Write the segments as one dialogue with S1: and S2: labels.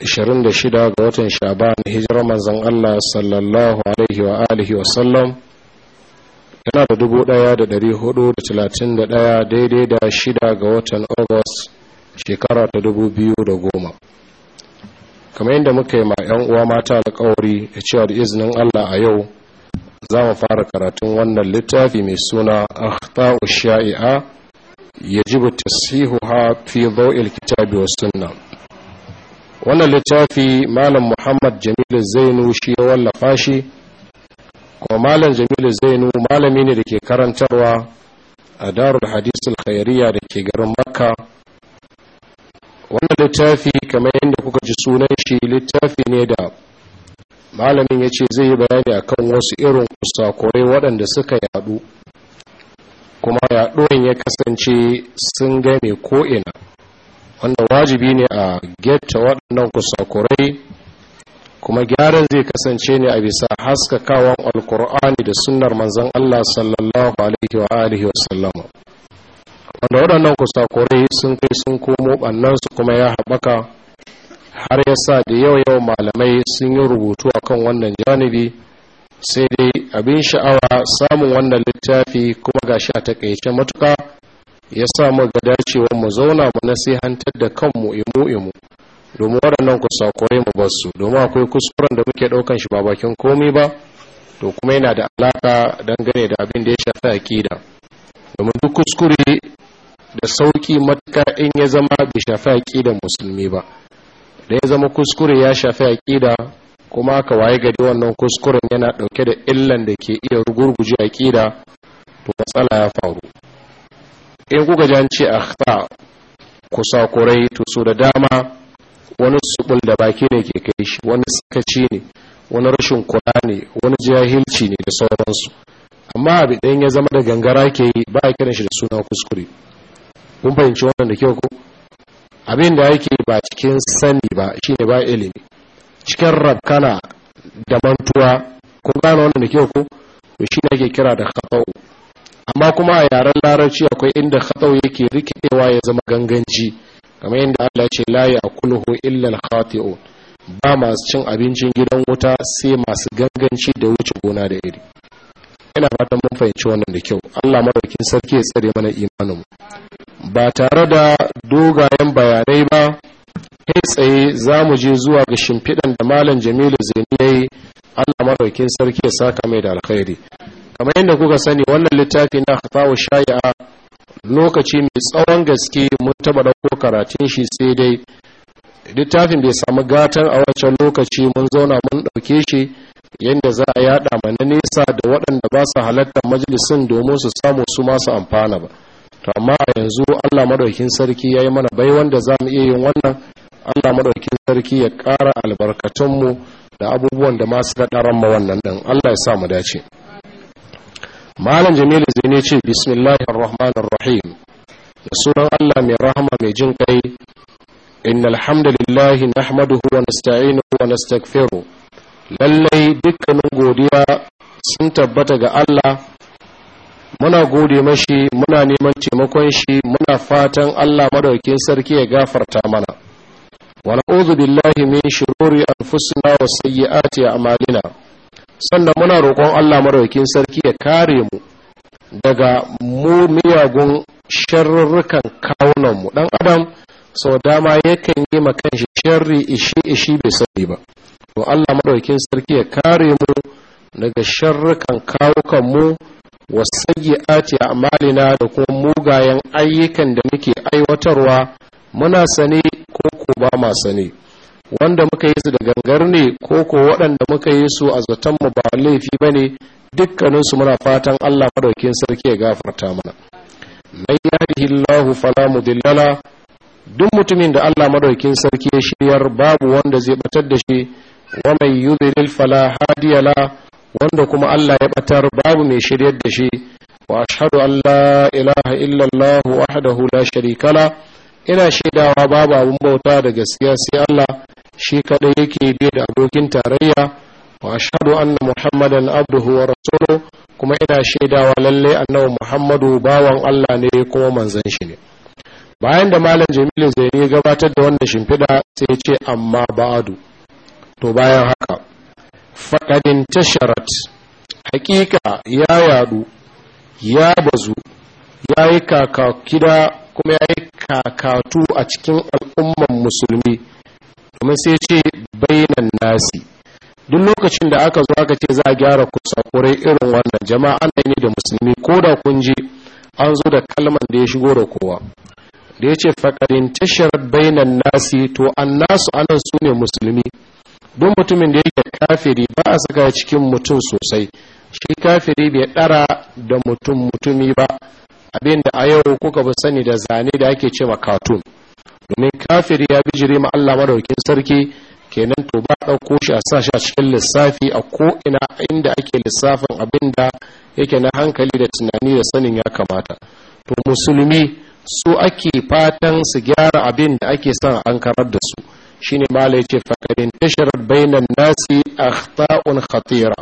S1: 26 ga watan shaban hijirar manzon Allah sallallahu alaihi wa alihi wa sallam yana da 1431 daidai da shida ga watan August shekara ta goma. kamar yadda muka yi ma 'yan uwa mata da alkawari da cewa da izinin Allah a yau za mu fara karatun wannan littafi mai suna akhtau sha'i'a yajibu tasihuha fi dhaw'il kitabi wa sunnah wannan littafi malam muhammad jamilu zainu shi ya wallafa shi kuma malam jamilu zainu malami ne da ke karantarwa a darul hadisul khairiyya da ke garin makka wannan littafi kamar yadda kuka ji sunan shi littafi ne da malamin ya ce zai yi bayani a kan wasu irin kusakurai waɗanda suka yaɗu, kuma yaɗuwan ya kasance sun gane ko'ina wanda wajibi ne a geta waɗannan kusakurai kuma gyaran zai kasance ne a bisa haskakawan alkur'ani da sunnar manzan Allah sallallahu alaihi wa alihi wa sallam. wanda waɗannan kusakurai sun kai sun komo su kuma ya haɓaka har ya sa da yau yau malamai sun yi rubutu a kan wannan janibi sai dai abin sha'awa samun wannan littafi kuma gashi a takaice matuka ya sa mu ga dacewa mu zauna mu nasihantar da kanmu imu imu domin waɗannan kusakurai mu basu domin akwai kuskuren da muke ɗaukan shi ba bakin komi ba to kuma yana da alaka dangane da abin da ya shafi akida domin duk kuskure da sauki matuƙa in ya zama bai shafi aƙidan musulmi ba da ya zama kuskure ya shafi aƙida kuma aka waye gari wannan kuskuren yana ɗauke da illan da ke iya rugurguje aƙida to matsala ya faru in kuka ji a ce kusa kusakurai to so da dama wani subul da baki ne ke kai shi wani sakaci ne wani rashin kula ne wani jahilci ne da sauransu amma abu ɗayan ya zama da gangara ke yi ba a kiran shi da suna kuskure kun fahimci wannan da kyau ko abin da yake ba cikin sani ba shine ba ilimi cikin rabkana da mantuwa kun gane wannan da kyau ko to shi ne ake kira da khata'u amma kuma a yaren larabci akwai inda khatau yake rikidewa ya zama ganganci kamar yadda Allah ce la a illa al khati'u ba masu cin abincin gidan wuta sai masu ganganci da wuce gona da iri ina fatan mun fahimci wannan da kyau Allah madaukakin sarki ya tsare mana imanin mu ba tare da dogayen bayanai ba kai tsaye za mu je zuwa ga shimfiɗan da malam jamilu zaini ya yi allah maɗaukin sarki ya saka mai da alkhairi kamar yadda kuka sani wannan littafi na fatawa shari'a lokaci mai tsawon gaske mun taba da karatun shi sai dai littafin bai samu gatan a wancan lokaci mun zauna mun ɗauke shi yadda za a yada na nesa da waɗanda ba su halatta majalisun domin su samu su masu amfana ba to amma a yanzu allah madaukin sarki ya yi mana bai wanda za mu iya yin wannan allah maɗaukin sarki ya ƙara albarkatunmu da abubuwan da masu daɗa ma wannan ɗin allah ya sa mu dace malam jamilu zai ce bismillahir rahmanir rahim da sunan allah mai rahama mai jin kai inna alhamdulillahi nahmaduhu wa nasta'inuhu wa nastaghfiruh lallai dukkanin godiya sun tabbata ga allah muna gode mashi muna neman taimakon shi muna fatan Allah madaukakin sarki ya gafarta mana wa na'udhu billahi min shururi anfusina wa sayyiati a'malina sannan muna roƙon Allah maraukin sarki ya kare mu daga mu miyagun sharrukan kawunanmu ɗan adam sau dama yakan yi makan shi sharri ishi ishi bai sani ba to Allah maraukin sarki ya kare mu daga sharrukan kawukanmu a a'malina da kuma mugayen ayyukan da muke aiwatarwa muna sani ko ko ba ma sani. wanda muka yi su da gangar ne ko ko waɗanda muka yi su a zaton mu ba laifi ba ne dukkaninsu muna fatan Allah madaukin sarki ya gafarta mana mai yadihi Allahu fala mudillala duk mutumin da Allah madaukin sarki ya shiryar babu wanda zai batar da shi wa mai yudlil fala hadiyala wanda kuma Allah ya batar babu mai shiryar da shi wa ashhadu an la ilaha illa Allah wahdahu la sharika la ina shaidawa babu abun bauta da gaskiya sai Allah shi kadai yake bi da abokin tarayya wa ashhadu anna muhammadan abduhu wa rasuluhu kuma ina shaidawa lalle annabi muhammadu bawan Allah ne kuma manzon shi ne bayan da malam jamilu zaini gabatar da wannan shimfida sai ce amma ba'adu to bayan haka faɗaɗin tasharat hakika ya yadu ya bazu ya yi kakakida kuma ya yi kakatu a cikin al'umman musulmi domin sai ce bainan nasi duk lokacin da aka zo aka ce za a gyara kusakurai irin wannan jama'a na ne da musulmi ko da kun je an zo da kalman da ya shigo da kowa da ya ce faƙarin tashar bainan nasi to an nasu anan su ne musulmi don mutumin da yake kafiri ba a saka cikin mutum sosai shi kafiri bai ɗara da mutum mutumi ba abinda a yau kuka ba sani da zane da ake ce ma cartoon domin kafiri ya bijire ma Allah madaukin sarki kenan to ba ɗauko shi a sa a cikin lissafi a ko ina inda ake lissafin abin da yake na hankali da tunani da sanin ya kamata to musulmi su ake fatan su gyara abin da ake son an karar da su shine mala yace fakarin tasharar bainan nasi akhta'un khatira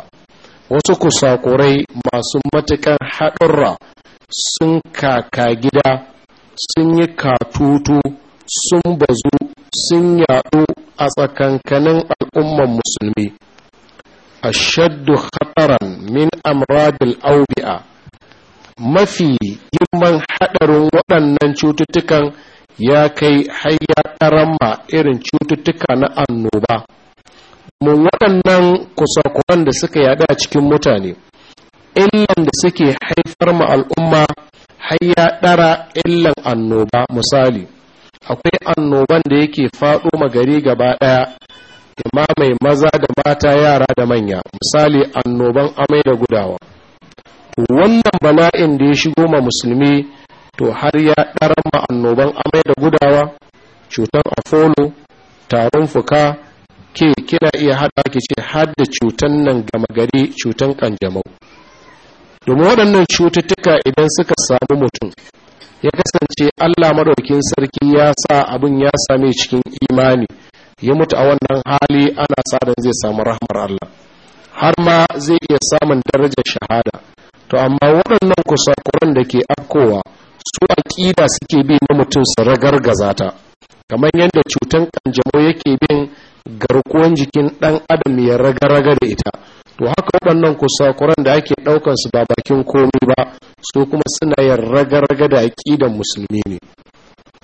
S1: wasu kusakurai masu matukan haɗurra sun kaka gida sun yi katutu sun bazu sun yaɗu a tsakankanin al'umman musulmi a shaddu khataran min amradil aubi'a mafi girman haɗarin waɗannan cututtukan ya kai hayya ƙaramma irin cututtuka na annoba mun waɗannan kusakuran da suka yaɗu a cikin mutane illan da suke haifar ma al'umma hayya ɗara illan annoba misali akwai annoban da yake faɗo magari gaba ɗaya mai maza da mata yara da manya misali annoban amai da gudawa to wannan bala'in da ya shigo ma musulmi to har ya ɗaran annoban amai da gudawa cutan afolo tarin fuka ke kina iya haɗa ki ce har da cutan nan gama gari cutan kanjamau domin waɗannan cututtuka idan suka samu mutum ya kasance Allah madaukin sarki ya sa abin ya same cikin imani ya mutu a wannan hali ana sadan zai samu rahmar Allah har ma zai iya samun darajar shahada to amma waɗannan kusakuran da ke afkowa su aƙida suke bi na mutum su ragargaza ta kamar yadda cutan kanjamau yake bin garkuwan jikin ɗan adam ya raga-raga da ita to haka waɗannan kusakuran da ake ɗaukar su ba bakin komi ba su kuma suna yin raga-raga da aƙidan musulmi ne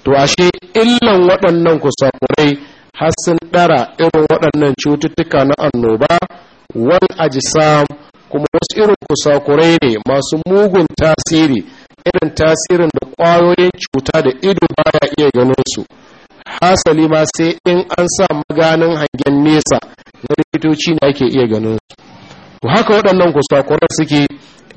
S1: to ashe illan waɗannan kusakurai har sun ɗara irin waɗannan cututtuka na annoba wal ajisam kuma wasu irin kusakurai ne masu mugun tasiri irin tasirin da ƙwayoyin cuta da ido baya iya ganin su hasali ma sai in an sa maganin hangen nesa na likitoci ne ake iya ganin su to haka waɗannan kusakuran suke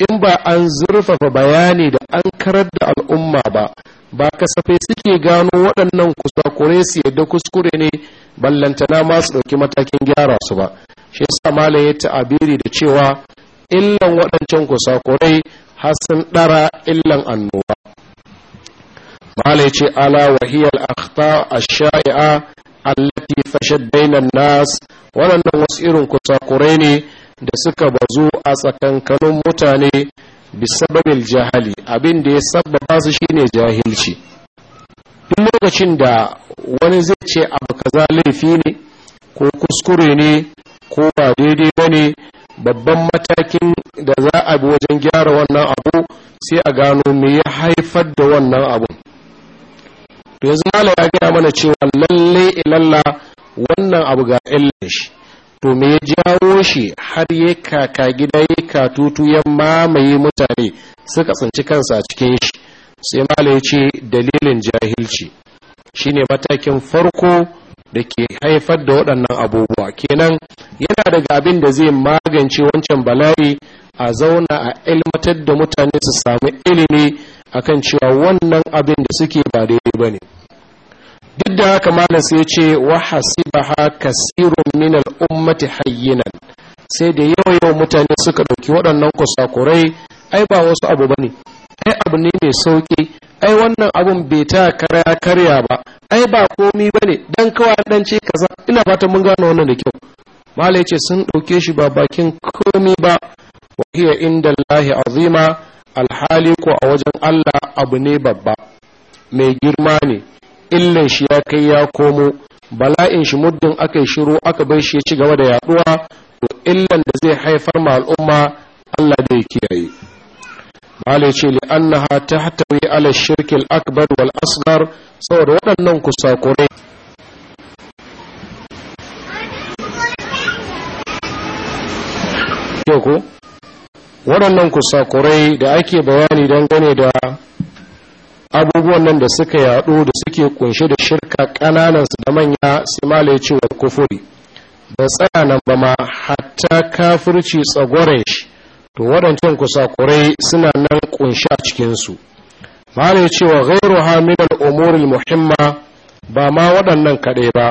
S1: in ba an zurfafa bayani da an karar da al'umma ba ba kasafai suke gano waɗannan kusakurai su yadda kuskure ne ballantana ma su ɗauki matakin gyara su ba shi yasa malam ya ta'abiri da cewa illan waɗancan kusakurai har sun ɗara illan annoba malam ya ce ala wahiyar akhta ash-sha'i'a allati fashad bainan nas waɗannan wasu irin kusakurai ne da suka bazu a tsakankanin mutane bisababil jahali abin da ya sababa su shine jahilci duk lokacin da wani zai ce abu kaza laifi ne ko kuskure ne ko ba daidai ba ne babban matakin da za a bi wajen gyara wannan abu sai a gano me ya haifar da wannan abu to yanzu mala ya gaya mana cewa lallai ilalla wannan abu ga illa shi to me ya jawo shi har ya kaka gida ya katutu ya mamaye mutane suka tsinci kansa a cikin shi sai mala ya ce dalilin jahilci shine matakin farko da ke haifar da waɗannan abubuwa kenan yana daga abin da zai magance wancan bala'i a zauna a ilmatar da mutane su sami ilimi akan cewa wannan abin da suke ba daidai ba ne duk da haka malam sai ce wa hasibaha kasirun min al-ummati hayyinan sai da yawa yau mutane suka dauki waɗannan kusakurai ai ba wasu abu bane ai abu ne mai sauki ai wannan abun bai ta karya karya ba ai ba komi bane dan kawai dan ce kaza ina fatan mun gano wannan da kyau malai yace sun dauke shi ba bakin komi ba wa hiya inda lahi azima alhali ko a wajen Allah abu ne babba mai girma ne illan shi ya kai ya komo bala'in shi muddin aka yi shiru aka bai shi ya ci gaba da yaduwa to illan da zai haifar ma al'umma Allah da ya kiyaye malai ce li annaha tahtawi ala shirki al akbar wal asghar saboda waɗannan kusakurai ko waɗannan kusakurai da ake bayani dangane da abubuwan nan da suka yaɗo da suke kunshe da shirka ƙananan su da manya su mala cewa kufuri da tsaya nan ba ma hatta kafirci tsagoren shi to waɗancan kusakurai suna nan kunshe a cikinsu mala cewa gairu wa ghairu haminal muhimma ba ma waɗannan kaɗai ba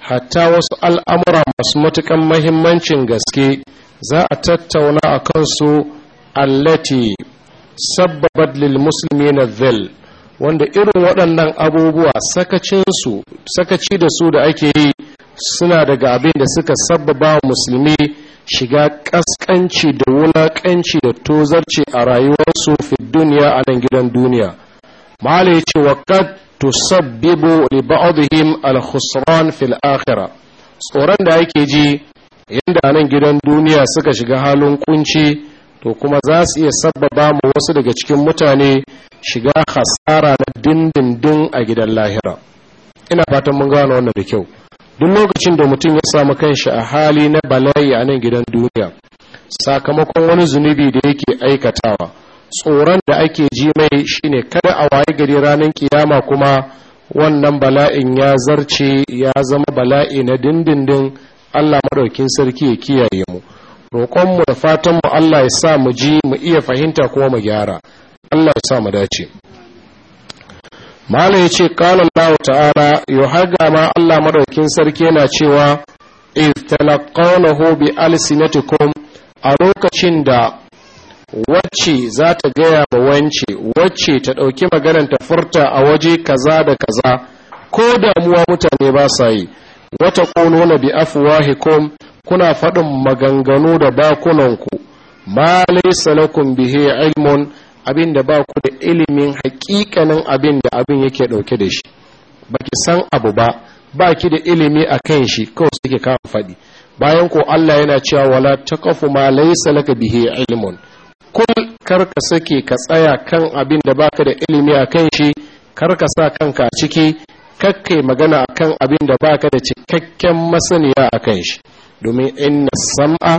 S1: hatta wasu al'amura masu matuƙan mahimmancin gaske za a tattauna a kansu allati sabbabat lil muslimina dhil wanda irin waɗannan abubuwa sakaci da su da ake yi suna daga abin da suka sabbaba musulmi shiga ƙasƙanci da wulaƙanci da tozarci a rayuwarsu fi duniya a nan gidan duniya mahala ya ce waƙad sabbibu li ba'dihim al-khusran fil akhirah tsoron da ake ji yadda a nan gidan duniya suka shiga halin kunci to kuma za su iya sabbaba mu wasu daga cikin mutane shiga hasara na dindindin a gidan lahira ina fatan mun gano wannan da kyau duk lokacin da mutum ya samu kanshi a hali na bala'i a nan gidan duniya sakamakon wani zunubi da yake aikatawa tsoron da ake ji mai shine kada a waye gari ranar kiyama kuma wannan bala'in ya zarce ya zama bala'i na dindindin Allah maɗaukin sarki ya kiyaye mu roƙonmu da fatanmu Allah ya sa mu ji mu iya fahimta kuma mu gyara Allah ya sa mu dace Malam ya ce Allah ta'ala yuhaga ma Allah madaukin sarki yana cewa iftalaqawnahu bi alsinatikum a lokacin da wacce za ta gaya ma wance wacce ta ɗauki maganar ta furta a waje kaza da kaza ko damuwa mutane ba sa yi wata ƙonona bi afwahikum kuna faɗin maganganu da bakunanku ma laysa lakum bihi ilmun abin da ba ku da ilimin hakikanin abin da abin yake dauke da shi ba ki san abu ba ba ki da ilimi a kan shi kawai suke kawo faɗi bayan ko Allah yana cewa wala ta kafu ma laisa laka bihi ilmun kul karka sake ka tsaya kan abin da baka da ilimi a kan shi karka sa kanka ciki kakkai magana akan abin da baka da cikakken masaniya akan shi domin inna sam'a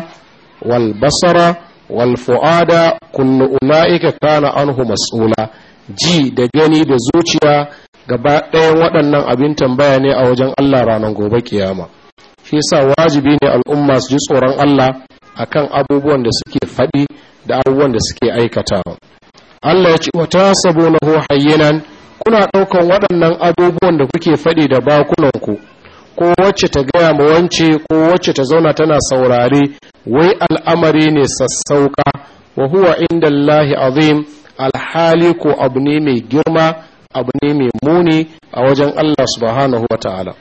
S1: wal basara wal fu'ada kullu ulaika kana anhu mas'ula ji da gani da zuciya gaba waɗannan abin tambaya ne a wajen Allah ranar gobe kiyama shi sa wajibi ne al'umma su ji tsoron Allah akan abubuwan da suke faɗi da abubuwan da suke aikatawa Allah ya ce wa tasabunahu hayyinan kuna ɗaukan waɗannan abubuwan da kuke faɗi da bakunanku ko wacce ta gaya ma wance ko wacce ta zauna tana saurare wai al'amari ne sassauka wa huwa inda Allahi azim alhali ko abu ne mai girma abu ne mai muni a wajen Allah subhanahu wa ta'ala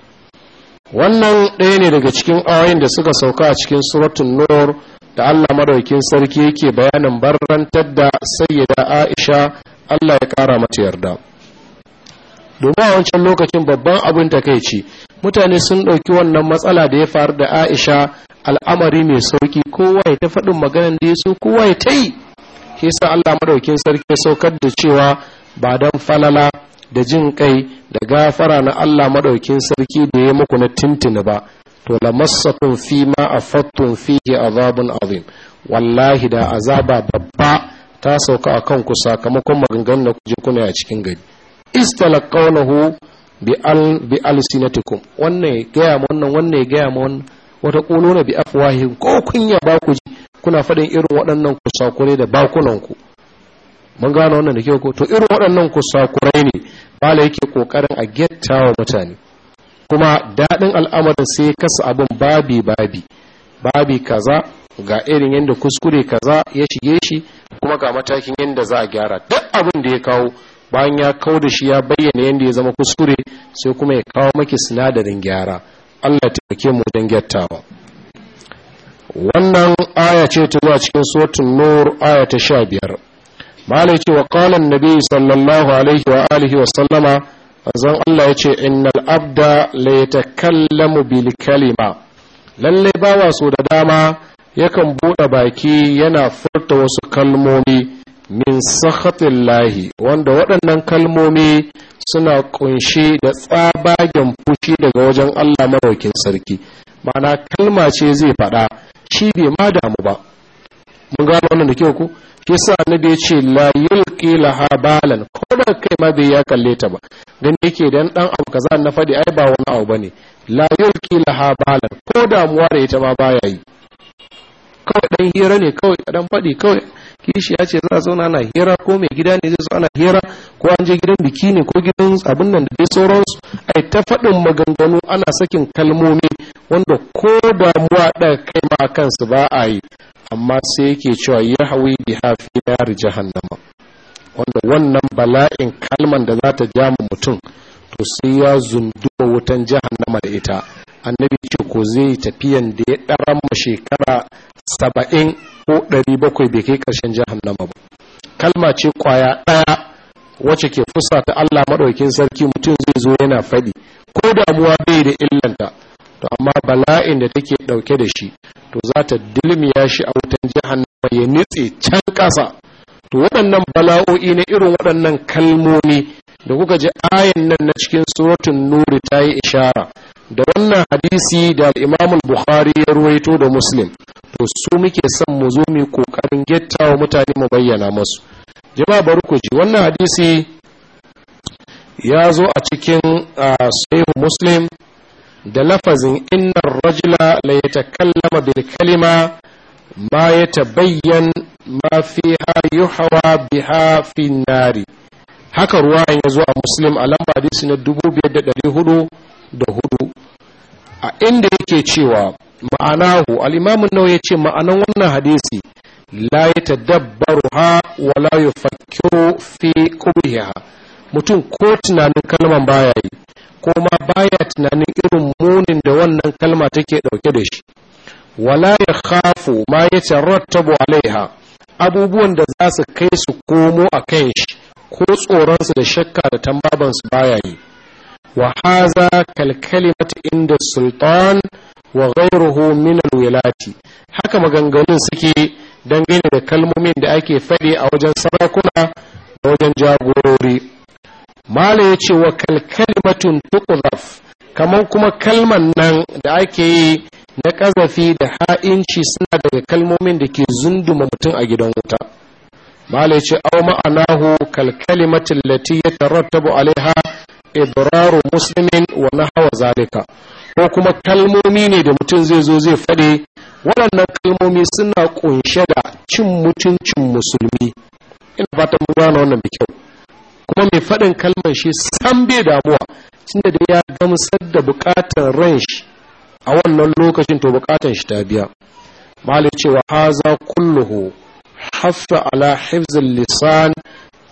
S1: wannan ɗaya ne daga cikin ayoyin da suka sauka a cikin suratun nur da Allah madaukin sarki yake bayanin barrantar da sayyida Aisha Allah ya ƙara mata yarda domin a wancan lokacin babban abin takaici, mutane sun ɗauki wannan matsala da ya faru da Aisha al'amari mai sauki kowa ya ta faɗin maganar da ya so kowa ya ta yi ke sa Allah madaukin sarki ya saukar da cewa ba don falala da jin kai da gafara na Allah madaukin sarki da ya muku na tintini ba to masakun fi ma a fattun ke azabun azim wallahi da azaba babba ta sauka a kanku sakamakon maganganun da kuje kuna a cikin gari istalaqawnahu bi al bi wannan ya gaya wannan wannan ya gaya mu wannan wata na bi afwahin ko kunya ba ku ji kuna faɗin irin waɗannan kusakure da bakunanku mun gane wannan da ke ko to irin waɗannan kusakurai ne bala yake ƙoƙarin a getta wa mutane kuma daɗin al'amarin sai kasa abin babi babi babi kaza ga irin yadda kuskure kaza ya shige shi kuma ga matakin yadda za a gyara duk abin da ya kawo bayan ya kawo da shi ya bayyana yadda ya zama kuskure sai kuma ya kawo maki sinadarin gyara Allah ta ke mu wajen gyattawa wannan aya ce ta zuwa cikin sotun nur aya ta sha biyar malai ce wa qala annabi sallallahu alaihi wa alihi wa sallama azan Allah ya ce innal abda la yatakallamu bil kalima lalle bawa so da dama yakan bude baki yana furta wasu kalmomi min sakhatillahi wanda waɗannan kalmomi suna kunshe da tsabagen fushi daga wajen Allah maraukin sarki mana kalma ce zai faɗa shi bai ma damu ba mun gano wannan da kyau ku? shi sa annabi ya ce la yulqi laha balan ko da kai ma bai ya kalle ta ba dan yake dan dan abu kaza na faɗi ai ba wani abu bane la yulqi laha balan ko damuwa da ita ma baya yi kawai dan hira ne kawai dan faɗi kawai kishi ya ce za a zauna ana hira ko mai gida ne zai zo ana hira ko an je gidan biki ne ko gidan abin nan da dai sauransu ai ta faɗin maganganu ana sakin kalmomi wanda ko damuwa ɗaga kai ma kansu ba a yi amma sai yake cewa ya hawi bi hafi nari jahannama wanda wannan bala'in kalman da za ta jama mutum to sai ya zunduma wutan jahannama da ita annabi ce ko zai tafiyan da ya ɗaran shekara saba'in ko bakwai bai kai ƙarshen jahannama ba kalma ce kwaya ɗaya wacce ke fusa ta Allah maɗaukin sarki mutum zai zo yana faɗi ko damuwa bai da illanta to amma bala'in da take ɗauke da shi to za ta dilmiya shi a wutan jahannama ya nitse can ƙasa to waɗannan bala'o'i na irin waɗannan kalmomi da kuka ji ayan nan na cikin suratun nuri ta yi ishara da wannan hadisi da imamul bukhari ya ruwaito da muslim to su muke son mu zo mu kokarin gettawa mutane mu bayyana musu jama'a barku ji wannan hadisi ya zo a cikin sahih muslim da lafazin innar rajula la yatakallama bil kalima ma yatabayyan ma fiha yuhawa biha fi nari haka ruwayan ya zo a muslim a lamba hadisi na hudu. a inda yake cewa ma'anahu al-imamu ya ce ma'anan wannan hadisi la ha wa la fakiru fi kubiya mutum ko tunanin kalman baya yi ko ma baya tunanin irin munin da wannan kalma take dauke da shi wala ya khafu ma ya tarattabu alaiha abubuwan da za su kai su komo a kan shi ko tsoronsu da shakka da tambabansu baya yi wa haza kalkalimata inda sultan wa ghayruhu min al-wilati haka maganganun suke dangane da kalmomin da ake faɗi a wajen sarakuna da wajen jagorori mala ya ce wa kalkalimatun tuqzaf kamar kuma kalman nan da ake yi na kazafi da ha'inci suna daga kalmomin da ke zunduma mutum a gidan wuta mala ya ce aw ma'anahu kalkalimatin lati ya alaiha ibraru muslimin wa nahwa zalika ko kuma kalmomi ne da mutum zai zo zai fade waɗannan kalmomi suna ƙunshe da cin mutuncin musulmi ina fatan mun gane wannan da kyau kuma mai faɗin kalmar shi san bai damuwa tunda da ya gamsar da buƙatar ran shi a wannan lokacin to buƙatar shi ta biya malai cewa haza kulluhu haffa ala hifzil lisan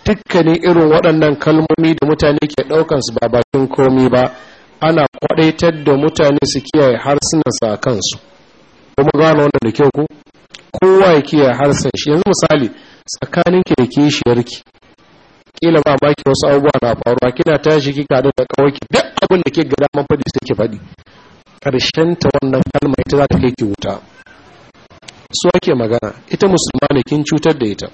S1: dukkanin irin waɗannan kalmomi da mutane ke ɗaukansu ba bakin komi ba ana kwadaitar da mutane su kiyaye harsunansa a kansu kuma gano wanda da kyau ku. kowa ya kiyaye harsun shi yanzu misali tsakanin tsakaninki da kishiyarki kila ba ki wasu abubuwa na faruwa kina tashi ki da da kawai duk abin da ke gada man faɗi sai ki faɗi karshen ta wannan kalma ita za ta kai ki wuta su ake magana ita musulma ne kin cutar da ita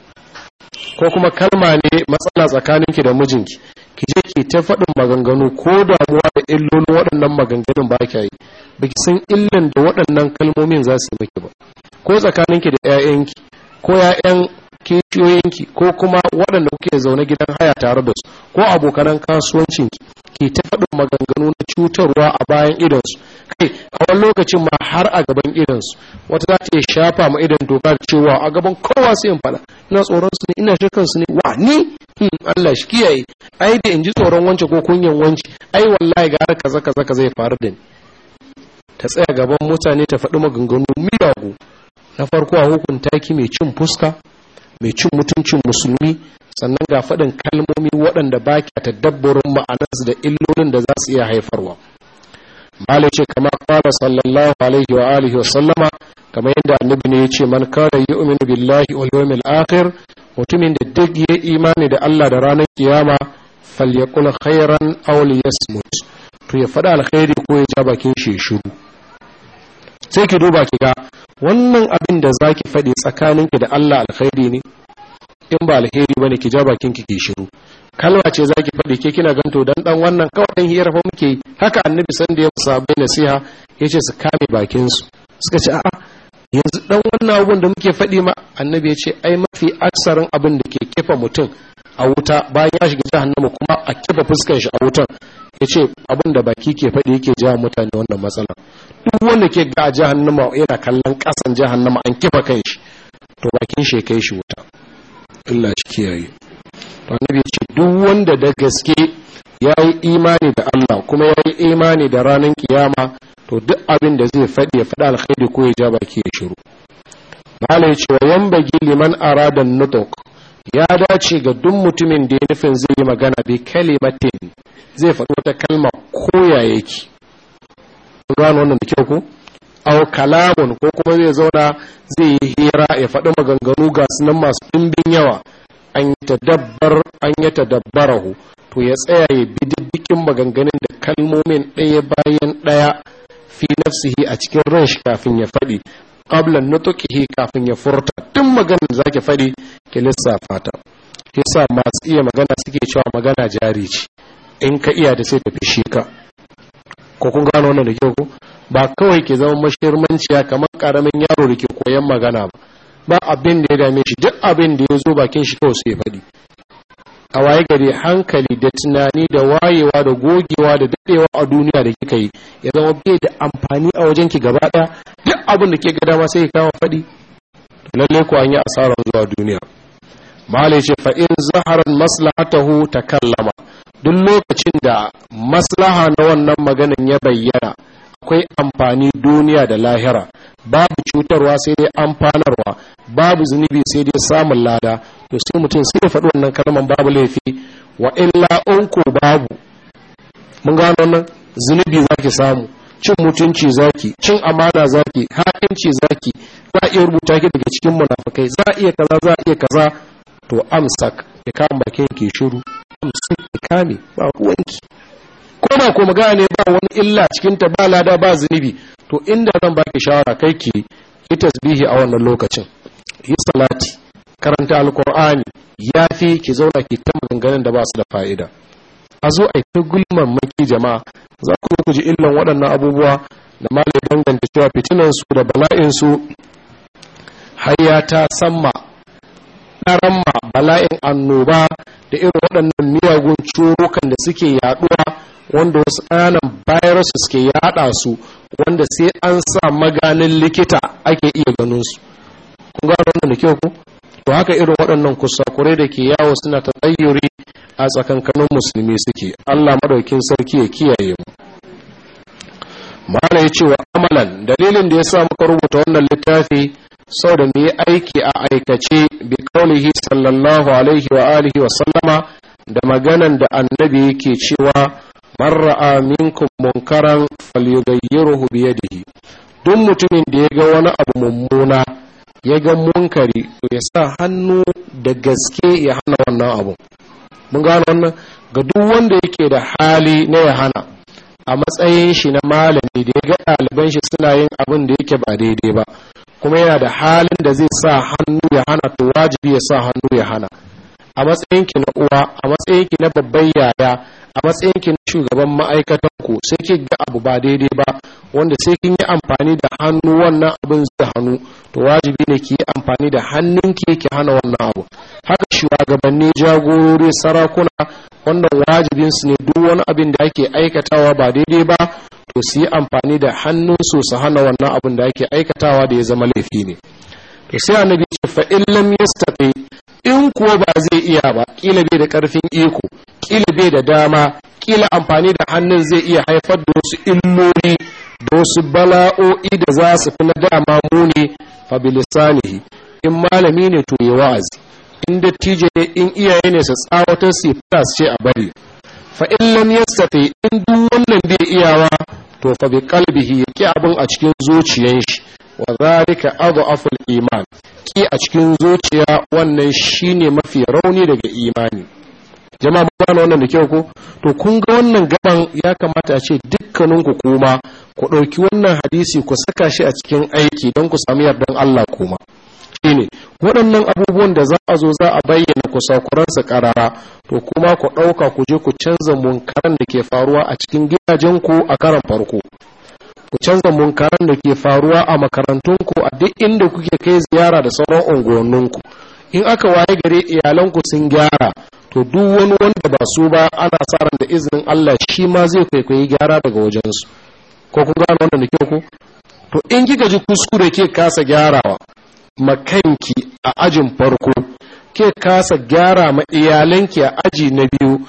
S1: ko kuma kalma ne matsala tsakanin ki da mijinki ki je ki ta faɗin maganganu ko damuwa da illolin waɗannan maganganun ba kya yi ba san illan da waɗannan kalmomin za su yi miki ba ko tsakaninki da 'ya'yanki ko 'ya'yan kishiyoyinki ko kuma waɗanda kuke zaune gidan haya tare da su ko abokanan kasuwancinki ke ta faɗin maganganu na cutarwa a bayan idansu kai a wani lokacin ma har a gaban idansu wata za ta iya shafa ma idan doka cewa a gaban kowa sai in faɗa ina tsoron su ne ina shakan su ne wa ni hmm, Allah shi kiyaye ai da in ji tsoron wance ko kunyan wance ai wallahi ga har kaza kaza kaza ya faru da ni ta tsaya gaban mutane ta faɗi maganganu miyagu na farko a hukunta ki mai cin fuska mai cin mutuncin musulmi sannan ga faɗin kalmomi waɗanda ba ki tadabburin ma'anarsu da illolin da za su iya haifarwa malai ce kama kwana sallallahu alaihi wa alihi wa sallama kamar yadda annabi ne ya ce man yi yu'minu billahi wal akhir mutumin da duk ya imani da Allah da ranar kiyama falyakul khairan ya smut to ya faɗa alkhairi ko ya ja bakin shi shiru sai ki duba ki ga wannan abin da zaki faɗi tsakaninki da Allah alkhairi ne in ba alheri bane ki ja bakin ki ki shiru kalma ce zaki faɗi ke kina ganto dan dan wannan kawai dan hira fa muke haka annabi san da ya bai nasiha yace su kame bakin su suka ce a'a yanzu dan wannan abun da muke faɗi ma annabi yace ai mafi aksarin abin da ke kefa mutum a wuta bayan ya shiga jahannama kuma a kifa fuskar shi a wutan yace ce abin da baki ke faɗi yake jawo mutane wannan matsala duk wanda ke ga jahannama yana kallon ƙasan jahannama an kifa kan shi to bakin shi kai shi wuta Allah shi kiyaye to annabi ce duk wanda da gaske ya yi imani da Allah kuma ya yi imani da ranar kiyama to duk abin da zai faɗi ya faɗi alkhairi ko ya ja baki ya shiru ya ce wa yan bagi liman aradan nutuk ya dace ga duk mutumin da ya nufin zai yi magana bi kalimatin zai faɗi wata kalma ko ya yake gano wannan da kyau ko au kalamun ko kuma zai zauna zai yi hira ya faɗi maganganu ga sunan masu ɗimbin yawa an yi tadabbar an yi tadabbarahu to ya tsaya ya bi diddikin maganganun da kalmomin ɗaya bayan ɗaya fi nafsihi a cikin ranshi kafin ya faɗi qablan nutqihi kafin ya furta tun za zaki faɗi ki lissafa ta yasa masu iya magana suke cewa magana jari ce in ka iya da sai tafi shi ka ko kun gano wannan da kyau ko ba kawai ke zama mashirmanciya kamar karamin yaro da ke koyan magana ba ba abin da ya dame shi duk abin da ya zo bakin shi kawai sai faɗi a waye gari hankali da tunani da wayewa da gogewa da daɗewa a duniya da kika yi ya zama bai da amfani a wajen ki gaba ɗaya duk abin da ke ga dama sai kama faɗi lalle ko an yi asarar zuwa duniya malai ce fa in zahar maslahatahu ta kallama duk lokacin da maslaha na wannan maganan ya bayyana akwai amfani duniya da lahira babu cutarwa sai dai amfanarwa babu zunubi sai dai samun lada to sai mutum sai ya faɗi wannan kalmar babu laifi wa illa unku babu mun gano nan zunubi zaki samu cin mutunci zaki cin amana zaki ha'inci zaki za a iya rubuta ki daga cikin munafukai za a iya kaza za a iya kaza to amsak ya kama bakin ke shiru amsak ya kame ba ruwanki koma ko magana ne ba wani illa cikin ta ba lada ba zunubi to inda zan baki shawara kai ki yi tasbihi a wannan lokacin yi salati karanta alkur'ani yafi ki zauna ki ta maganganun da ba su da fa'ida a zo a ta gulman maki jama'a za ku ku ji illan waɗannan abubuwa da ma da danganta cewa fitinan su da bala'in su har ya ta samma ɗaran ma bala'in annoba da irin waɗannan miyagun curukan da suke yaɗuwa wanda wasu ƙanan virus suke yaɗa su wanda sai an sa maganin likita ake iya ganin su kun gano wannan da kyau ku to haka irin waɗannan kusakurai da ke yawo suna ta tsayyuri a tsakankanin musulmi suke allah maɗaukin sarki ya kiyaye mu mana ya ce wa amalan dalilin da ya sa muka rubuta wannan littafi sau da mu aiki a aikace bi kaulihi sallallahu alaihi wa alihi wa sallama da maganan da annabi yake cewa man ra'a minkum munkaran falyughayyirhu da yi duk mutumin da ya ga wani abu mummuna ya ga munkari to ya sa hannu da gaske ya hana wannan abu mun gano wannan ga duk wanda yake da hali na ya hana a matsayin shi na malami da ya ga ɗaliban shi suna yin abin da yake ba daidai ba kuma yana da halin da zai sa hannu ya hana to wajibi ya sa hannu ya hana a matsayin ki na uwa a matsayinki na babban yaya a matsayinki na shugaban ma'aikatanku sai ki ga abu ba daidai ba wanda sai kin yi amfani da hannu wannan abin zai hannu to wajibi ne ki yi amfani da hannunki ki hana wannan abu haka shugabanni jagorori sarakuna wannan wajibin su ne duk wani abin da ake aikatawa ba daidai ba to su yi amfani da su su hana wannan abin da ake aikatawa da ya zama laifi ne to sai annabi ce fa in lam yastati in kuwa ba zai iya ba kila bai da karfin iko kila bai da dama kila amfani da hannun zai iya haifar da wasu illoli da wasu bala'o'i da za su fi na dama muni fa bilisanihi in malami ne to ya wa'azi in dattijo ne in iyaye ne su tsawatar su fara ce a bari fa in lam yastati in duk wannan bai iyawa to fa bi qalbihi yake abin a cikin zuciyar shi wa zalika adhaful iman ki a cikin zuciya wannan shine mafi rauni daga imani jama'a mun gane wannan da kyau ko to kun ga wannan gaban ya kamata a ce dukkanin ku kuma ku ɗauki wannan hadisi ku saka shi a cikin aiki don ku samu yardan Allah kuma shine waɗannan abubuwan da za a zo za a bayyana ku sa karara to kuma ku ɗauka ku je ku canza munkaran da ke faruwa a cikin gidajenku a karan farko ku canza munkaran da ke faruwa a makarantunku a duk inda kuke kai ziyara da sauran unguwanninku in aka waye gare iyalanku sun gyara to duk wani wanda ba su ba ana sa ran da izinin Allah shi ma zai kwaikwayi gyara daga wajensu ko kun gane wannan da ke ku? to in kika ji kuskure ke kasa gyarawa makanki a ajin farko ke kasa gyara ma iyalanki a aji na biyu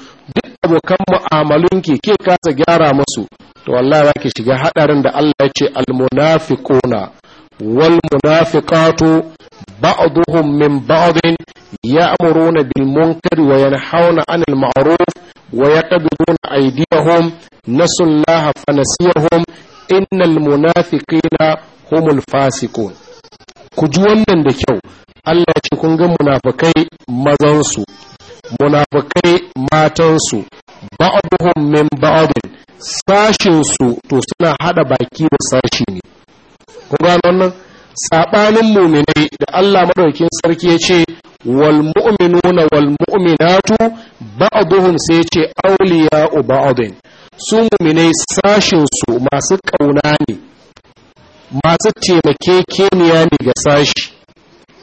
S1: abokan mu'amalunki ke kasa gyara musu to wallahi za ki shiga hadarin da Allah ya ce almunafiquna wal munafiqatu ba'dhum min ba'd ya'muruna bil munkari wa yanhauna 'anil ma'ruf wa yaqbiduna aydiyahum nasullaha fanasiyahum innal munafiqina humul fasiqun ku ji wannan da kyau Allah ya ce kun ga munafikai su. munafukai matansu ba'aduhum min ba'adin sashinsu to suna hada baki da sashi ne ku gano wannan sabanin muminai da Allah madaukin sarki ya ce wal mu'minuna wal mu'minatu ba'aduhum sai ce awliya'u ba'adin su muminai sashinsu masu kauna ne masu taimakekeniya ne ga sashi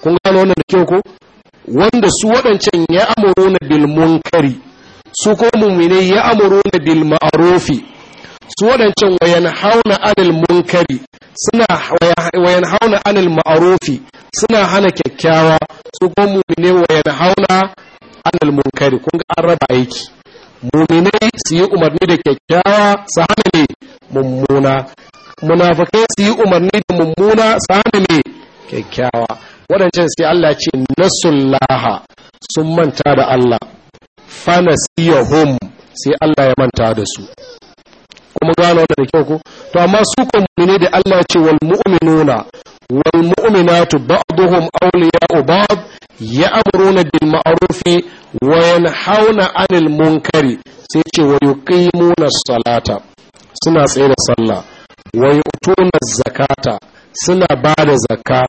S1: kun gano wannan da kyau ko wanda su waɗancan ya amuru na bil kari su ko mummine ya amuru na bil ma'arufi su waɗancan wayan hauna anil munkari suna wayan hauna anil ma'arofi suna hana kyakkyawa su ko mummine wayan hauna anil munkari kun ga an raba aiki mummine su yi umarni da kyakkyawa su hana ne mummuna munafakai su yi umarni da mummuna su hana ne kyakkyawa waɗancan sai Allah ce nasullaha sun manta da Allah hum sai Allah ya manta da su kuma gano da kyau ko to amma su ko da Allah ce wal mu'minuna wal mu'minatu ba'dhum awliya'u ba'd ya'muruna bil ma'rufi wa yanhauna 'anil munkari sai ce wa yuqimuna salata suna tsaye da sallah wa yu'tuna zakata suna ba da zakka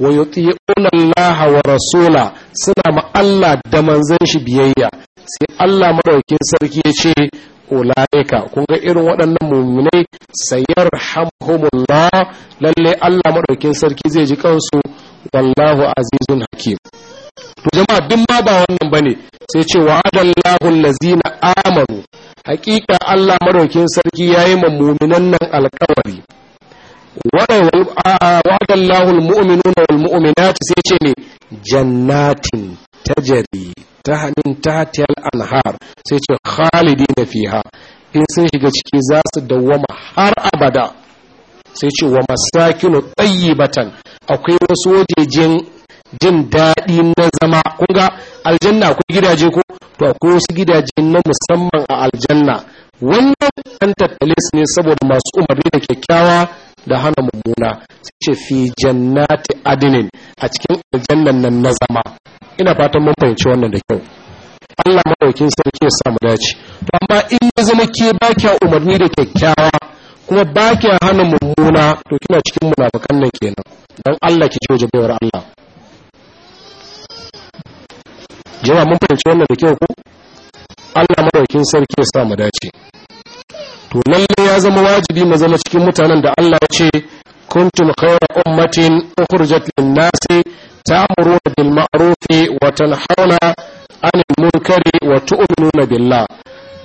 S1: wa yuti'una Allah wa rasula suna ma Allah da manzon shi biyayya sai Allah madaukin sarki ya ce ulaika kun ga irin waɗannan mu'minai sayarhamhumullah lalle Allah madaukin sarki zai ji kansu wallahu azizun hakim to jama'a duk ma ba wannan bane sai ce wa'adallahu allazina amanu hakika Allah madaukin sarki yayi muminan nan alƙawari wa'ada lahul mu'minuna wal mu'minati sai ce ne jannatin tajari ta hannun tahtiyal anhar sai ce khalidina fiha in sun shiga ciki za su dawwama har abada sai ce wa masakinu tayyibatan akwai wasu wajejen jin daɗi na zama kun aljanna akwai gidaje ko to akwai wasu gidaje na musamman a aljanna wannan an tattale ne saboda masu umarni da kyakkyawa da hana mummuna sai ce fi jannati adinin a cikin aljannan nan na zama ina fatan mun fahimci wannan da kyau Allah madaukin sarki ya samu dace to amma in ya zama ke baki umarni da kyakkyawa kuma baki hana mummuna to kina cikin munafikan nan kenan dan Allah ki ciwo jabewar Allah jama'a mun fahimci wannan da kyau ko Allah madaukin sarki ya samu dace to lalle ya zama wajibi mu zama cikin mutanen da Allah ya ce kuntum khayra ummatin ukhrijat lin-nasi ta'muruna bil ma'ruf wa tanhauna 'anil munkari wa tu'minuna billah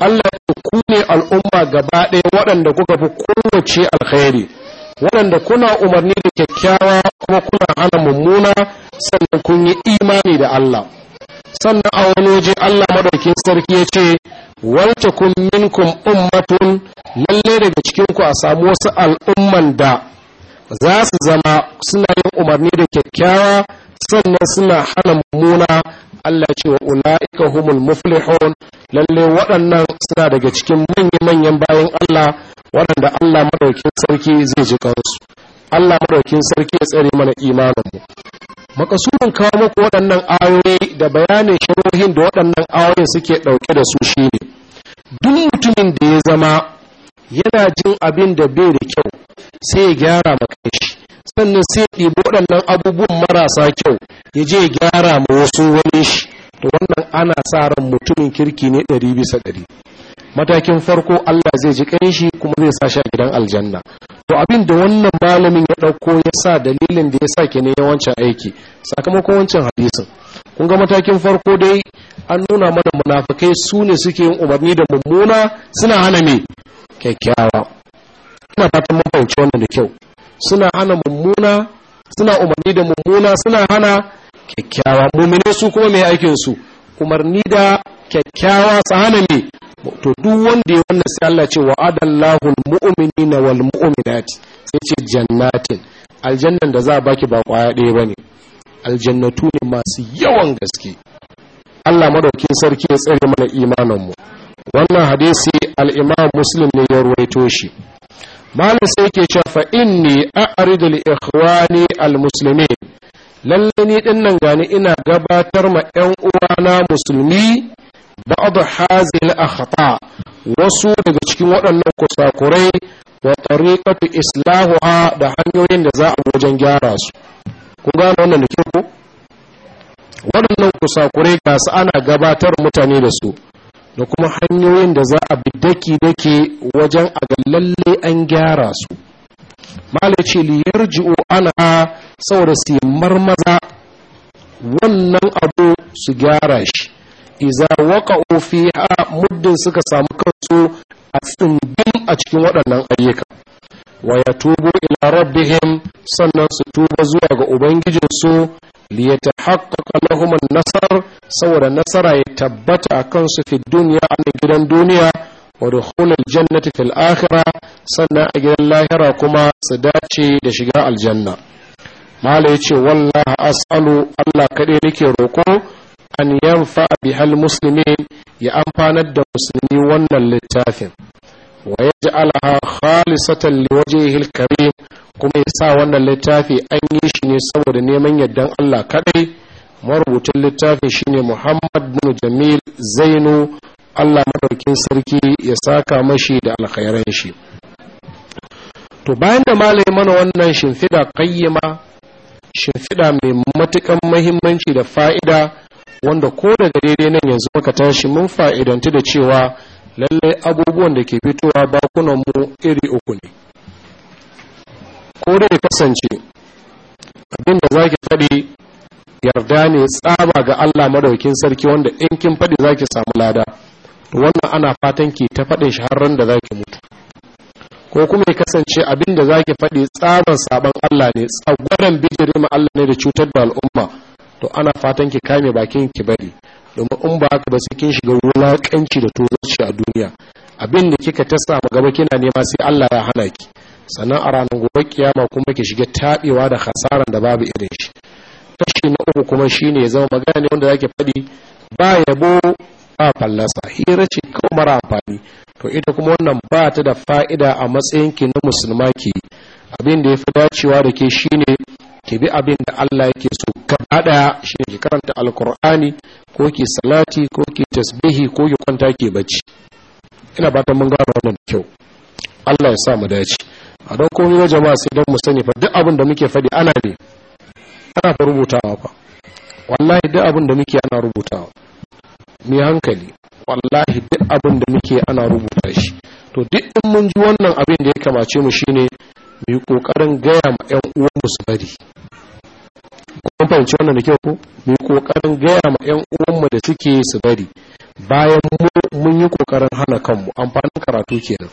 S1: Allah ya ku ne al'umma gaba ɗaya waɗanda kuka fi kowace alkhairi waɗanda kuna umarni da kyakkyawa kuma kuna hana mummuna sannan kun yi imani da Allah sannan a wani waje Allah madaukin sarki ya ce walta kun minkum ummatun lalle daga cikinku a samu wasu al'umman da za su zama suna yin umarni da kyakkyawa sannan suna hana mummuna Allah ce wa ula'ika humul muflihun lalle waɗannan suna daga cikin manya-manyan bayan Allah waɗanda Allah madaukin sarki zai ji kansu Allah madaukin sarki ya tsare mana imaninmu makasudan kawo maku waɗannan ayoyi da bayanin shirohin da waɗannan ayoyin suke ɗauke da su shi ne duk mutumin da ya zama yana jin abin da bai da kyau sai ya gyara maka shi sannan sai ya ɗibi waɗannan abubuwan marasa kyau ya je ya gyara ma wasu wani shi to wannan ana sa ran mutumin kirki ne ɗari bisa ɗari matakin farko Allah zai ji shi kuma zai sa shi a gidan aljanna to abin da wannan malamin ya dauko ya sa dalilin da ya sa ke ne yawancin aiki sakamakon wancan hadisin kun ga matakin farko dai an nuna mana munafakai su ne suke yin umarni da mummuna suna hana me kyakkyawa ina fatan mun fahimci wannan da kyau suna hana mummuna suna umarni da mummuna suna hana kyakkyawa mumine su kuma mai aikin su umarni da kyakkyawa su hana me to duk wanda ya wannan sai Allah ce wa'adallahu almu'minina wal mu'minati sai ce jannatin aljannan da za a baki ba kwaya ɗaya bane aljannatu ne masu yawan gaske Allah madaukin sarki ya tsare mana imanin mu wannan hadisi al-Imam Muslim ne ya ruwaito shi malam sai yake cewa fa inni a'ridu li ikhwani al-muslimin lalle ni dinnan gani ina gabatar ma ƴan uwana musulmi بعض هذه الأخطاء wasu daga cikin waɗannan kusakurai wa tariqatu islahuha da hanyoyin da za a wajen gyara su kun gano wannan dake ku waɗannan kusakurai ga su ana gabatar mutane da su da kuma hanyoyin da za a bi daki dake wajen a lalle an gyara su malaci liyarji'u ana saboda su marmaza wannan abu su gyara shi iza ofi ha muddin suka samu kansu a tsindin a cikin waɗannan ayyuka wa ya tubo ila rabbihim sannan su tuba zuwa ga ubangijinsu ta haƙaƙa lahuman nasar saboda nasara ya tabbata a kansu fi duniya a gidan duniya wa dukhul jannati fil akhirah sannan a gidan lahira kuma su dace da shiga aljanna mala ce wallahi as'alu Allah kaɗai nake roƙo. an yanfa bihal muslimin ya amfanar da musulmi wannan littafin wa ya ji alaha khalisatan liwajihil karim kuma ya sa wannan littafi an yi shi ne saboda neman yardan Allah kadai marubucin littafin shine Muhammad bin Jamil Zainu Allah madaukin sarki ya saka mashi da alkhairan shi to bayan da malai mana wannan shimfida kayyama shimfiɗa mai matukan mahimmanci da fa'ida wanda ko daga daidai nan yanzu muka tashi mun fa'idantu da cewa lallai abubuwan da ke fitowa bakunanmu iri uku ne ko dai kasance abinda za ki faɗi yarda ne tsaba ga allah madaukin sarki wanda in kin faɗi za ki samu lada wannan ana fatan ki ta faɗin shi har da za ki mutu ko kuma ya kasance abin da zaki faɗi tsaban sabon Allah ne tsagwaran bijirin ma Allah ne da cutar da al'umma to ana fatan ki kame bakin ki bari domin in ba ka ba sai kin shiga wulakanci da tozarci a duniya abin da kika tasa samu gaba kina nema sai Allah ya hana ki sannan a ranar gobe kiyama kuma ki shiga tabewa da hasaran da babu irin shi kashi na uku kuma shine ya zama magana ne wanda zaki faɗi ba yabo ba fallasa hira ce kawai mara amfani to ita kuma wannan ba ta da fa'ida a matsayin ki na musulma ke abin da ya fi dacewa da ke shine ki bi abin da Allah yake so gaba daya shi ki karanta alkur'ani ko ki salati ko ki tasbihi ko ki kwanta ki bacci ina ta mun gano wannan kyau Allah ya sa mu dace a don komai wa jama'a sai don mu sani fa duk abin da muke faɗi ana ne ana fa rubutawa fa wallahi duk abin da muke ana rubutawa mu hankali wallahi duk abin da muke ana rubuta shi to duk mun ji wannan abin da ya kamace mu shine mu yi kokarin gaya ma ƴan uwanmu su bari kun fahimci wannan da kyau ko mu yi kokarin gaya ma ƴan uwanmu da suke su bari bayan mun yi kokarin hana kanmu amfanin karatu kenan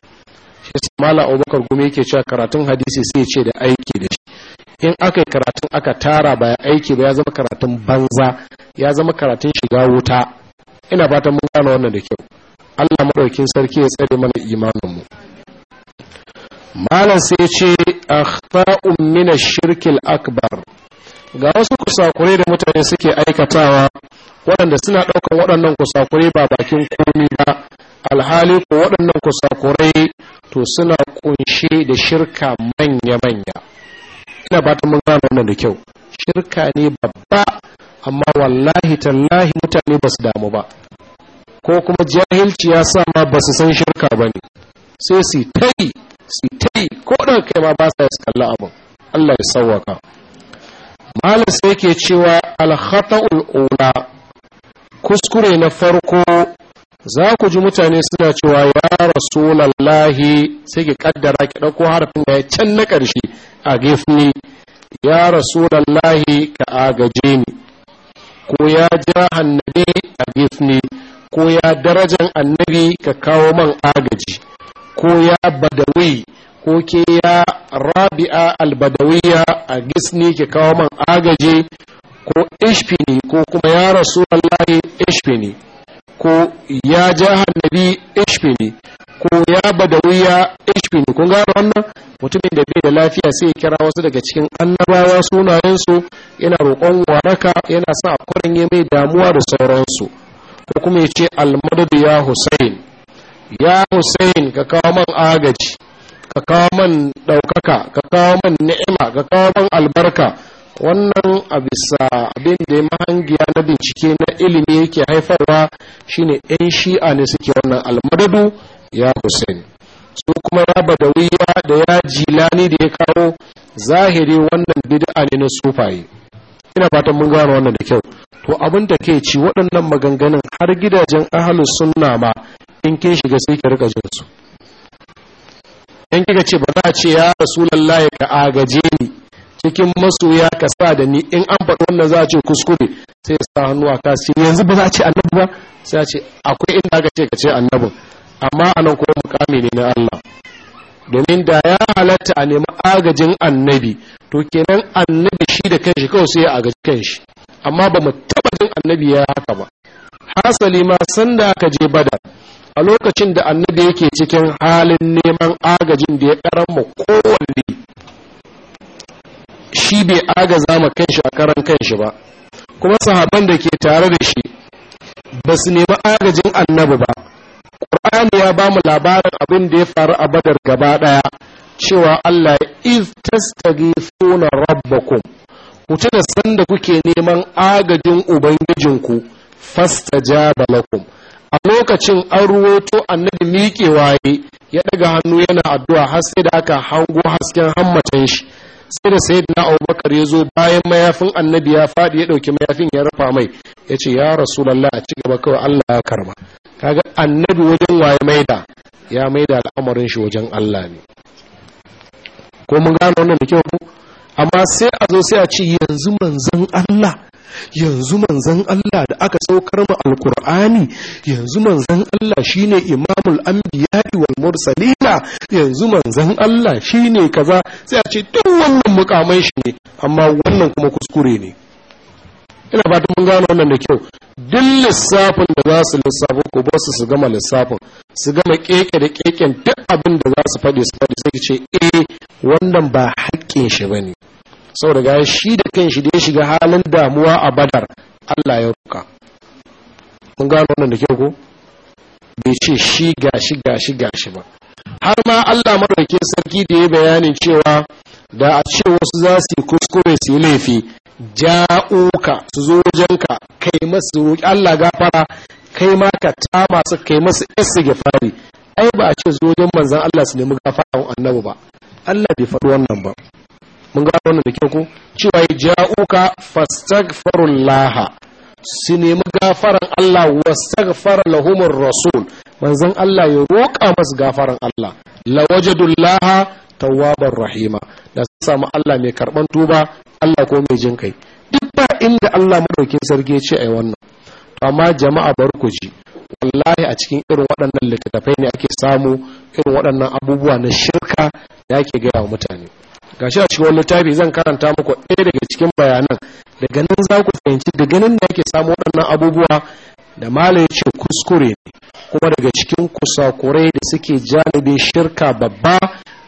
S1: shi mala abubakar gumi yake cewa karatun hadisi sai ce da aiki da shi in aka yi karatun aka tara ba aiki ba ya zama karatun banza ya zama karatun shiga wuta ina fatan mun gane wannan da kyau Allah madaukin sarki ya tsare mana imaninmu malam sai ce a ta'un mina shirkil akbar ga wasu kusakure da mutane suke aikatawa waɗanda suna ɗaukar waɗannan kusakure ba bakin komi ba alhali ko waɗannan kusakurai to suna kunshe da shirka manya-manya ina ba ta mun da kyau shirka ne babba amma wallahi tallahi mutane ba su damu ba ko kuma jahilci ya sa ma ba su san shirka ba ne sai su ta yi su ko da kai ma ba sa su kalla abin Allah ya sauwaka. malam sai ke cewa al ul'ula kuskure na farko za ku ji mutane suna cewa ya rasulallahi sai ke kaddara ki ɗauko harafin ya can na ƙarshe a gefe ya rasu rasulallahi ka agaje ni ko ya ja annabi a gefni ko ya darajan annabi ka kawo man agaji ko ya badawi ko ke ya rabi'a albadawiya a gisni ke kawo man agaje ko ishfini ko kuma ya rasu wallahi ishfini ko ya ja hannabi ishfini ko ya badawiya ishfini kun gano wannan mutumin da bai da lafiya sai kira wasu daga cikin annabawa sunayensu yana roƙon waraka yana sa a kwarin mai damuwa da sauransu ko kuma ya ce almadadu ya hussein ya hussein ka kawo man agaji ka kawo man ɗaukaka ka kawo man ni'ima ka kawo man albarka wannan a bisa abin da ya mahangiya na bincike na ilimi yake haifarwa shine 'yan shi'a ne suke wannan almadadu ya hussein su kuma ya badawiya da ya jilani da ya kawo zahiri wannan bid'a ne na sufaye ina fatan mun gano wannan da kyau to abin da ke ci waɗannan maganganun har gidajen ahalus sunna ma in kin shiga sai ki rika jin su in kika ce ba za a ce ya rasulullahi ka agaje ni cikin masoya ka sa da ni in an faɗi wannan za a ce kuskure sai sa hannuwa ka ce yanzu ba za a ce annabi ba sai a ce akwai inda aka ce ka ce annabin amma anan kuma mukami ne na Allah domin da ya halatta a nemi agajin annabi to kenan annabi shi da kanshi kawai sai ya agaji kanshi amma ba mu taba jin annabi ya haka ba hasali ma sanda ka je badar a lokacin da annabi yake cikin halin neman agajin da ya mu kowanne shi bai agaza ma kanshi a karan kanshi ba kuma sahaban da ke tare da shi ba su nemi agajin annabi ba ƙur'ani ya ba mu labarin abin da ya faru a badar gaba ɗaya cewa allah iz rabba rabbakum ku tuna sanda kuke neman agajin ubangijinku fastajaba lakum a lokacin an ruwoto annabi waye ya daga hannu yana addu'a har sai da aka hango hasken hammacin shi sai da sai na abubakar ya zo bayan mayafin annabi ya faɗi ya ɗauki mayafin ya rafa mai ya ce ya rasulallah a cigaba kawai allah ya karba kaga annabi wajen waye maida ya maida al'amarin shi wajen allah ne ko mun gano wannan da kyau ko amma sai a zo sai a ce yanzu manzon allah yanzu manzan Allah da aka saukar mu alkur'ani yanzu manzan Allah shine imamul anbiya'i wal mursalina yanzu manzan Allah shine kaza sai a ce duk wannan mukaman shi ne amma wannan kuma kuskure ne ina fatan mun gano wannan da kyau duk lissafin da za su lissafo ko ba su su gama lissafin su gama keke da keken duk abin da za su faɗi su faɗi sai ce eh wannan ba haƙƙin shi bane saboda ga shi da kanshi da ya shiga halin damuwa a badar Allah ya ruka mun gano wannan da kyau ko bai ce shi gashi gashi gashi ba har ma Allah madaukakin sarki da ya bayanin cewa da a ce wasu za su yi kuskure su yi laifi ja'uka su zo wajenka kai masu Allah gafara kai ma ka ta masu kai masu isa gafari ai ba a ce zo wajen manzan Allah su nemi gafara annabi ba Allah bai faɗi wannan ba mun ga wannan da kyau ko cewa ja'uka fastaghfirullah su nemi gafaran Allah wastaghfara lahumur rasul manzon Allah ya roƙa masu gafaran Allah lawajadullah tawwabar rahima da samu Allah mai karban tuba Allah ko mai jin kai duk ba inda Allah madaukin sarki ya ce ai wannan amma jama'a barku wallahi a cikin irin waɗannan littattafai ne ake samu irin waɗannan abubuwa na shirka da ake gaya wa mutane ga shi a cikin wani littafi zan karanta muku ɗaya daga cikin bayanan daga nan za ku fahimci da ganin da ake samu waɗannan abubuwa da mala ya ce kuskure ne kuma daga cikin kusakurai da suke janibin shirka babba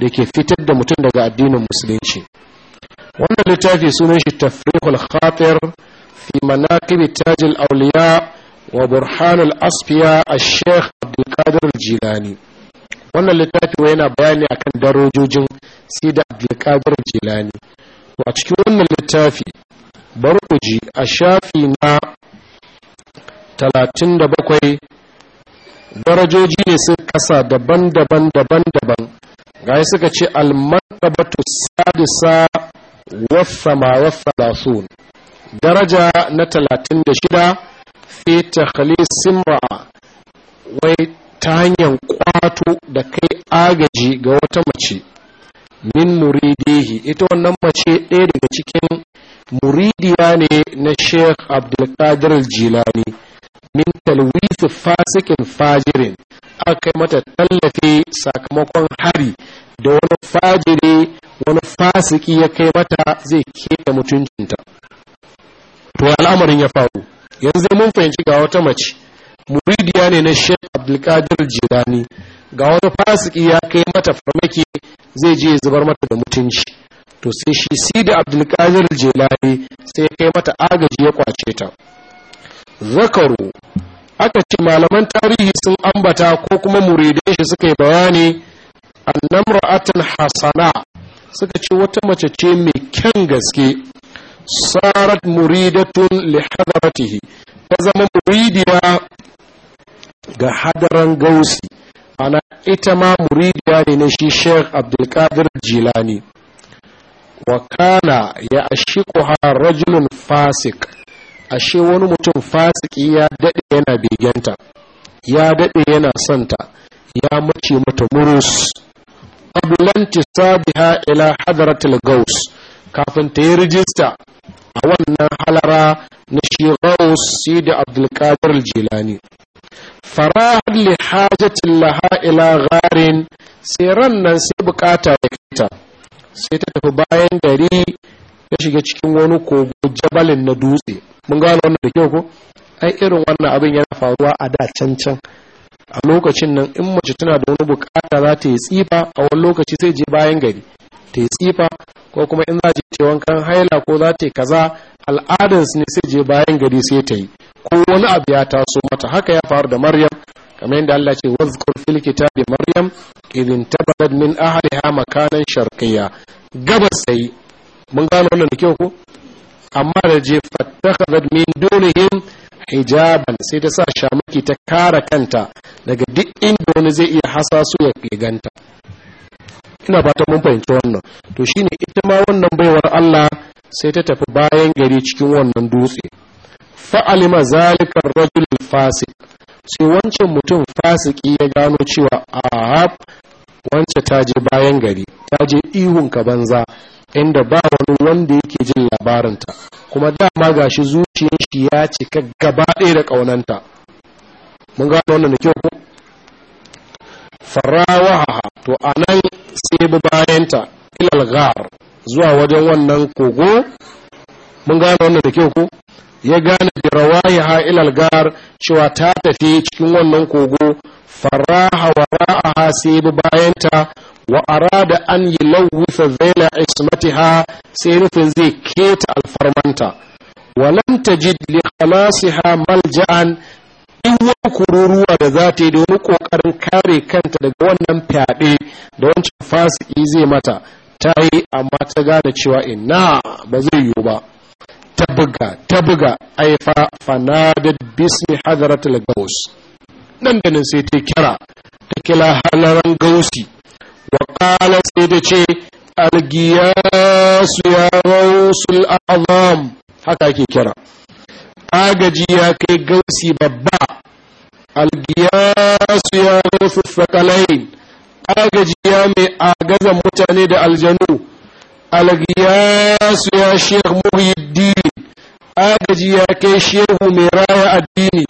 S1: da ke fitar da mutum daga addinin musulunci wannan littafi sunan shi tafrihul khatir fi manaqib tajil awliya wa burhanul asfiya a sheikh abdulkadir qadir jilani wannan littafi wa yana bayani akan darojojin sida abdulkadir jilani to a cikin wannan littafi barkuji a shafi na 37 darajoji ne sun kasa daban-daban daban-daban ga yi suka ce almantabatu sadisa wasama wasalasun daraja na 36 fi takhlisin ra'a wai ta hanyar kwato da kai agaji ga wata mace min muridihi ita wannan mace ɗaya daga cikin muridiya ne na sheikh abdulkadir jilani min talwisi fasikin fajirin aka mata tallafi sakamakon hari da wani fajiri wani fasiki ya kai mata zai keta mutuncinta to al'amarin ya faru yanzu mun fahimci ga wata mace muridiya ne na shek Abdulkadir Jilani ga wani fasiki ya kai mata farmaki zai je zubar mata da mutunci to sai shi sida Abdulkadir Jilani sai ya kai mata agaji ya kwace ta zakaru aka ce malaman tarihi sun ambata ko kuma muridai shi suka yi bayani atan hasana suka ce wata mace ce mai kyan gaske sarat muridatun li hadaratihi ta zama muridiya ga hadaran gausi ana ita ma muridiya ne na shi sheikh abdulkadir jilani Wakana kana ya ashiquha rajulun fasik ashe wani mutum fasiki ya daɗe yana bigenta ya daɗe yana santa ya mace mata murus qablanta sabiha ila hadratil gaus kafin ta yi rijista a wannan halara na shi gaus da abdulkadir jilani farahar li hajjacin laha ila gharin sai ran nan sai bukata ya kaita sai ta tafi bayan gari ya shiga cikin wani kogo jabalin na dutse mun gano wannan da kyau ko ai irin wannan abin yana faruwa a da cancan. can a lokacin nan in mace tana da wani bukata za ta yi tsifa a wani lokaci sai je bayan gari ta yi tsifa ko kuma in za ta yi wankan haila ko za ta yi kaza al'adansu ne sai je bayan gari sai ta yi ko wani abu ya taso mata haka ya faru da maryam kamar yadda Allah ce wazkur fil kitabi maryam idin tabadat min ahliha makanan sharqiyya gabas sai mun gano wannan da kyau ko amma da je fattakhadhat min dunihim hijaban sai ta sa shamaki ta kara kanta daga duk inda wani zai iya hasasu ya ganta ina fata mun fahimci wannan to shine ita ma wannan baiwar Allah sai ta tafi bayan gari cikin wannan dutse fa'alima zalikar rajul fasik sai wancan mutum fasiki ya gano cewa a wancan ta je bayan gari ta je ihun ka banza inda ba wani wanda yake jin labarinta kuma dama gashi zuciyar shi ya cika gaba ɗaya da ƙaunanta mun gano wannan da kyau ko farawaha to a nan sai bi bayanta ilal gar zuwa wajen wannan kogo mun gano wannan da kyau ko ya gane rawaye ha ilal gar cewa ta tafi cikin wannan kogo faraha wa ra'aha sai bi bayanta wa arada an yi yulawwitha zaila ismatiha sai nufin zai keta alfarmanta walam tajid li khalasiha malja'an in wani kururuwa da za ta yi domin kokarin kare kanta daga wannan fyaɗe da wancan fasiki zai mata ta yi amma ta gane cewa inna ba zai yiwu ba ta buga ta buga aifa fanadar bismi hadaratul gaus nan da nan sai ta kira ta kila halaran gausi wa kala sai da ce algiyasu ya rausu azam haka ke kira agaji ya kai gausi babba algiyasu ya rausu sakalain agaji ya mai agazan mutane da aljanu algiyasu ya shekh muhyiddin agaji ya kai shehu mai raya addini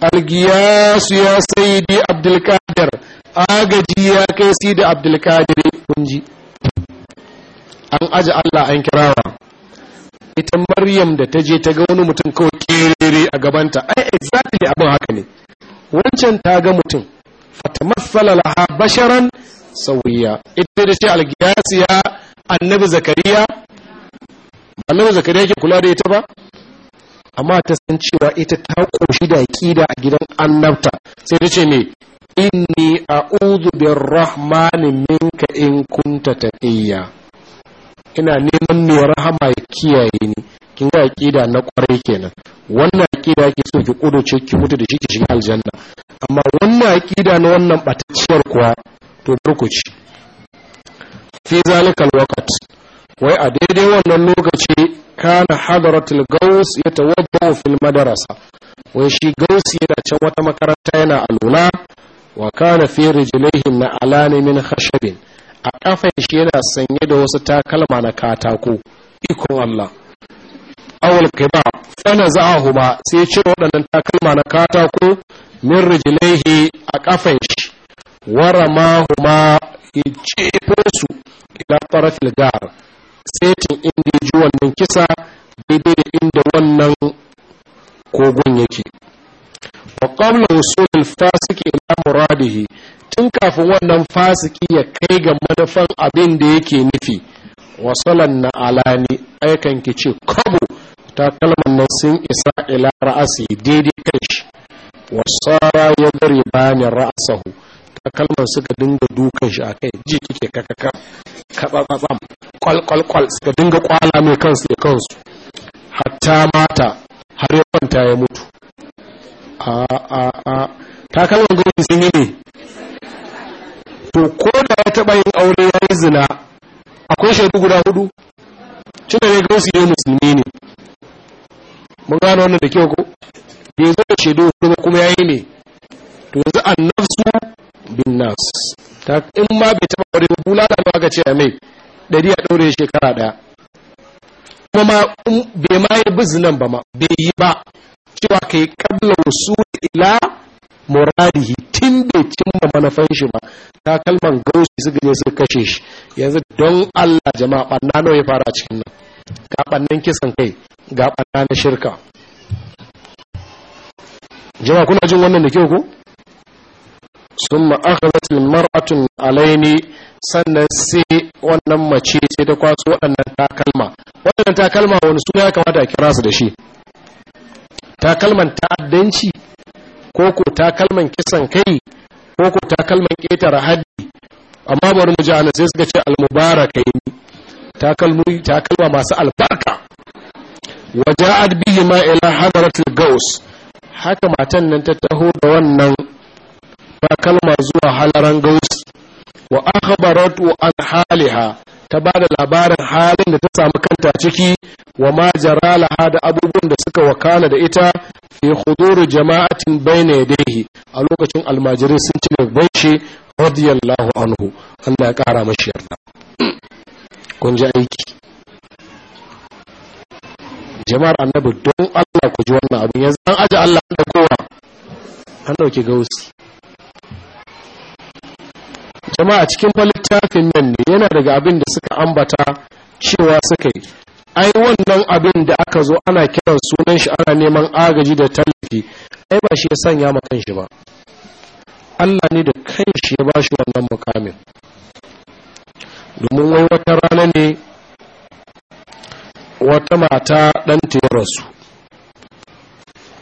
S1: algiyasu ya saidi abdulkadir agaji ya kai sidi abdulkadir kunji an aji allah an kirawa ita maryam da ta je ta ga wani mutum kawai kerere a gabanta ai exactly abin haka ne wancan ta ga mutum fatamassala laha basharan sauya ita da ce ya annabi zakariya annabi zakariya ke kula da ita ba amma ta san cewa ita ta ƙoshi da aqida a gidan annabta sai ta ce me inni a'udhu birrahmani minka in kunta taqiyya ina neman ne rahama ya kiyaye ni kin ga aqida na kwarai kenan wannan aqida ke so ki ce ki mutu da shi ki shiga aljanna amma wannan aqida na wannan batacciyar kuwa to barkuci fi zalikal waqt wai a daidai wannan lokaci kana hadaratul gaus ya tawadda fil madarasa wai shi gaus yana can wata makaranta yana aluna wa kana fi rijlihim na alani min khashabin a kafan shi yana sanye da wasu takalma na katako ikon Allah awul kiba fana za'ahuma sai ce waɗannan takalma na katako min rijlaihi a kafan shi wara ma huma ya su ila tarafil gar setin inda ya ji wannan kisa daidai da inda wannan kogon yake wa qabla wusul fasiki ila muradihi tun kafin wannan fasiki ya kai ga manufan abin da yake nufi wasalan na alani aikan ki ce kabo ta kalmar nan sun isa ila ra'asi daidai kai shi wasara ya gari bani ra'asahu ta kalmar suka dinga dukan shi akai ji kike kakaka kwal kwalkwalkwal suka dinga kwala mai kansu da kansu hatta mata har ya kwanta ya mutu a a a takalman gwamnati sun yi ne to ko da ya taɓa yin aure ya yi zina akwai shaidu guda hudu ya ne gausu yi musulmi ne mun gano wannan da kyau ko bai zo da shaidu kuma ya yi ne to yanzu nafsu bin nafsu in ma bai taba aure ba bulala ba aka ce a mai dari a ɗaure shekara ɗaya kuma ma bai ma yi bizinan ba ma bai yi ba cewa kai kabla wasu ila muradihi tun bai cimma manufan shi ba ta kalman gausi su gine suka kashe shi yanzu don Allah jama'a banna nawa ya fara cikin nan ga bannan kisan kai ga banna na shirka jama'a kuna jin wannan da kyau ko sun ma'akalatin mar'atun alaini sannan sai wannan mace sai ta kwaso wannan takalma waɗannan takalma wani suna ya kamata a kira su da shi takalman ta'addanci ko ko takalman kisan kai ko ko takalman ƙetare haddi amma bari mu ji ana sai suka ce almubaraka yi takalma masu albarka waja'ad bihi ma ila hadratil gaus haka matan nan ta taho da wannan ta kalma zuwa halaran gausi wa akhbaratu an haliha ta ba da labarin halin da ta samu kanta ciki wa ma jara laha da abubuwan da suka wakana da ita fi huduru jama'atin bayna yadayhi a lokacin almajiri sun ci gaba shi radiyallahu anhu Allah ya kara mashi yarda kun ji aiki jama'ar annabi don Allah ku ji wannan abin yanzu an aje Allah da kowa an dauke gausi a cikin littafin nan ne yana daga abin da suka ambata cewa suka yi ai wannan abin da aka zo ana kiran sunan shi ana neman agaji da tallafi ai ba shi ya sanya ma kanshi ba Allah ne da kanshi ya bashi wannan mukamin domin wai wata rana ne wata mata ɗanta ya rasu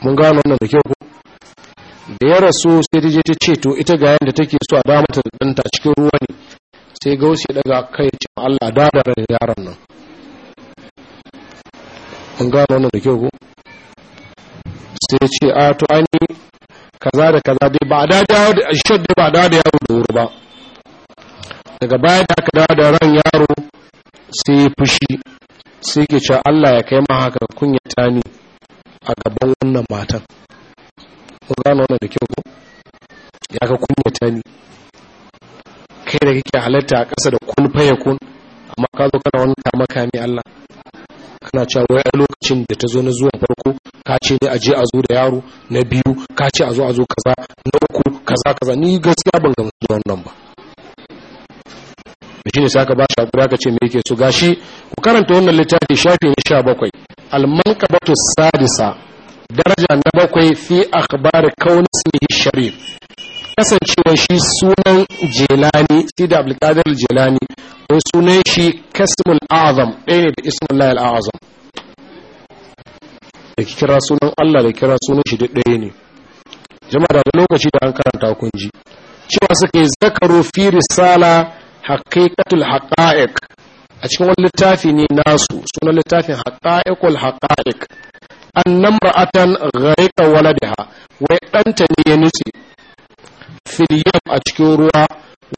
S1: mun gano wannan da kyau da ya rasu sai ta je ta ce to ita ga yadda take so a da danta cikin ruwa ne sai gausi daga kai ce Allah da da yaron nan an gano wannan da kyau ko sai ce a to an yi kaza da kaza dai ba da dawo da shadda ba da da yaro da wuri ba daga baya da aka dawo da ran yaro sai ya fushi sai ke ce Allah ya kai ma haka kunyata ni a gaban wannan matan kun gano wannan da kyau ko ya ka kunyata ni kai da kake halatta a ƙasa da kun faye kun amma ka zo kana wani kama kame Allah kana cewa wai a lokacin da ta zo na zuwan farko ka ce ne a je a zo da yaro na biyu ka ce a zo a zo kaza na uku kaza kaza ni gaskiya ban gamsu da wannan ba da shine saka ba shi hakuri aka ce me yake so gashi ku karanta wannan littafi shafi na bakwai al batu sadisa daraja na bakwai fi akhbar kauni ismihi sharif kasancewar shi sunan jelani sidi abdulkadir jelani wani sunan shi kasmul azam ɗaya ne da ismul layal azam da kira sunan allah da kira sunan shi ɗaya ne jama'a daga lokaci da an karanta kunji cewa suka yi zakaro fi risala haqiqatul haqa'iq a cikin wani littafi ne nasu sunan littafin haqa'iqul haqa'iq annan ra'atan gharika waladiha wai ɗanta ne ya nutse filiyam a cikin ruwa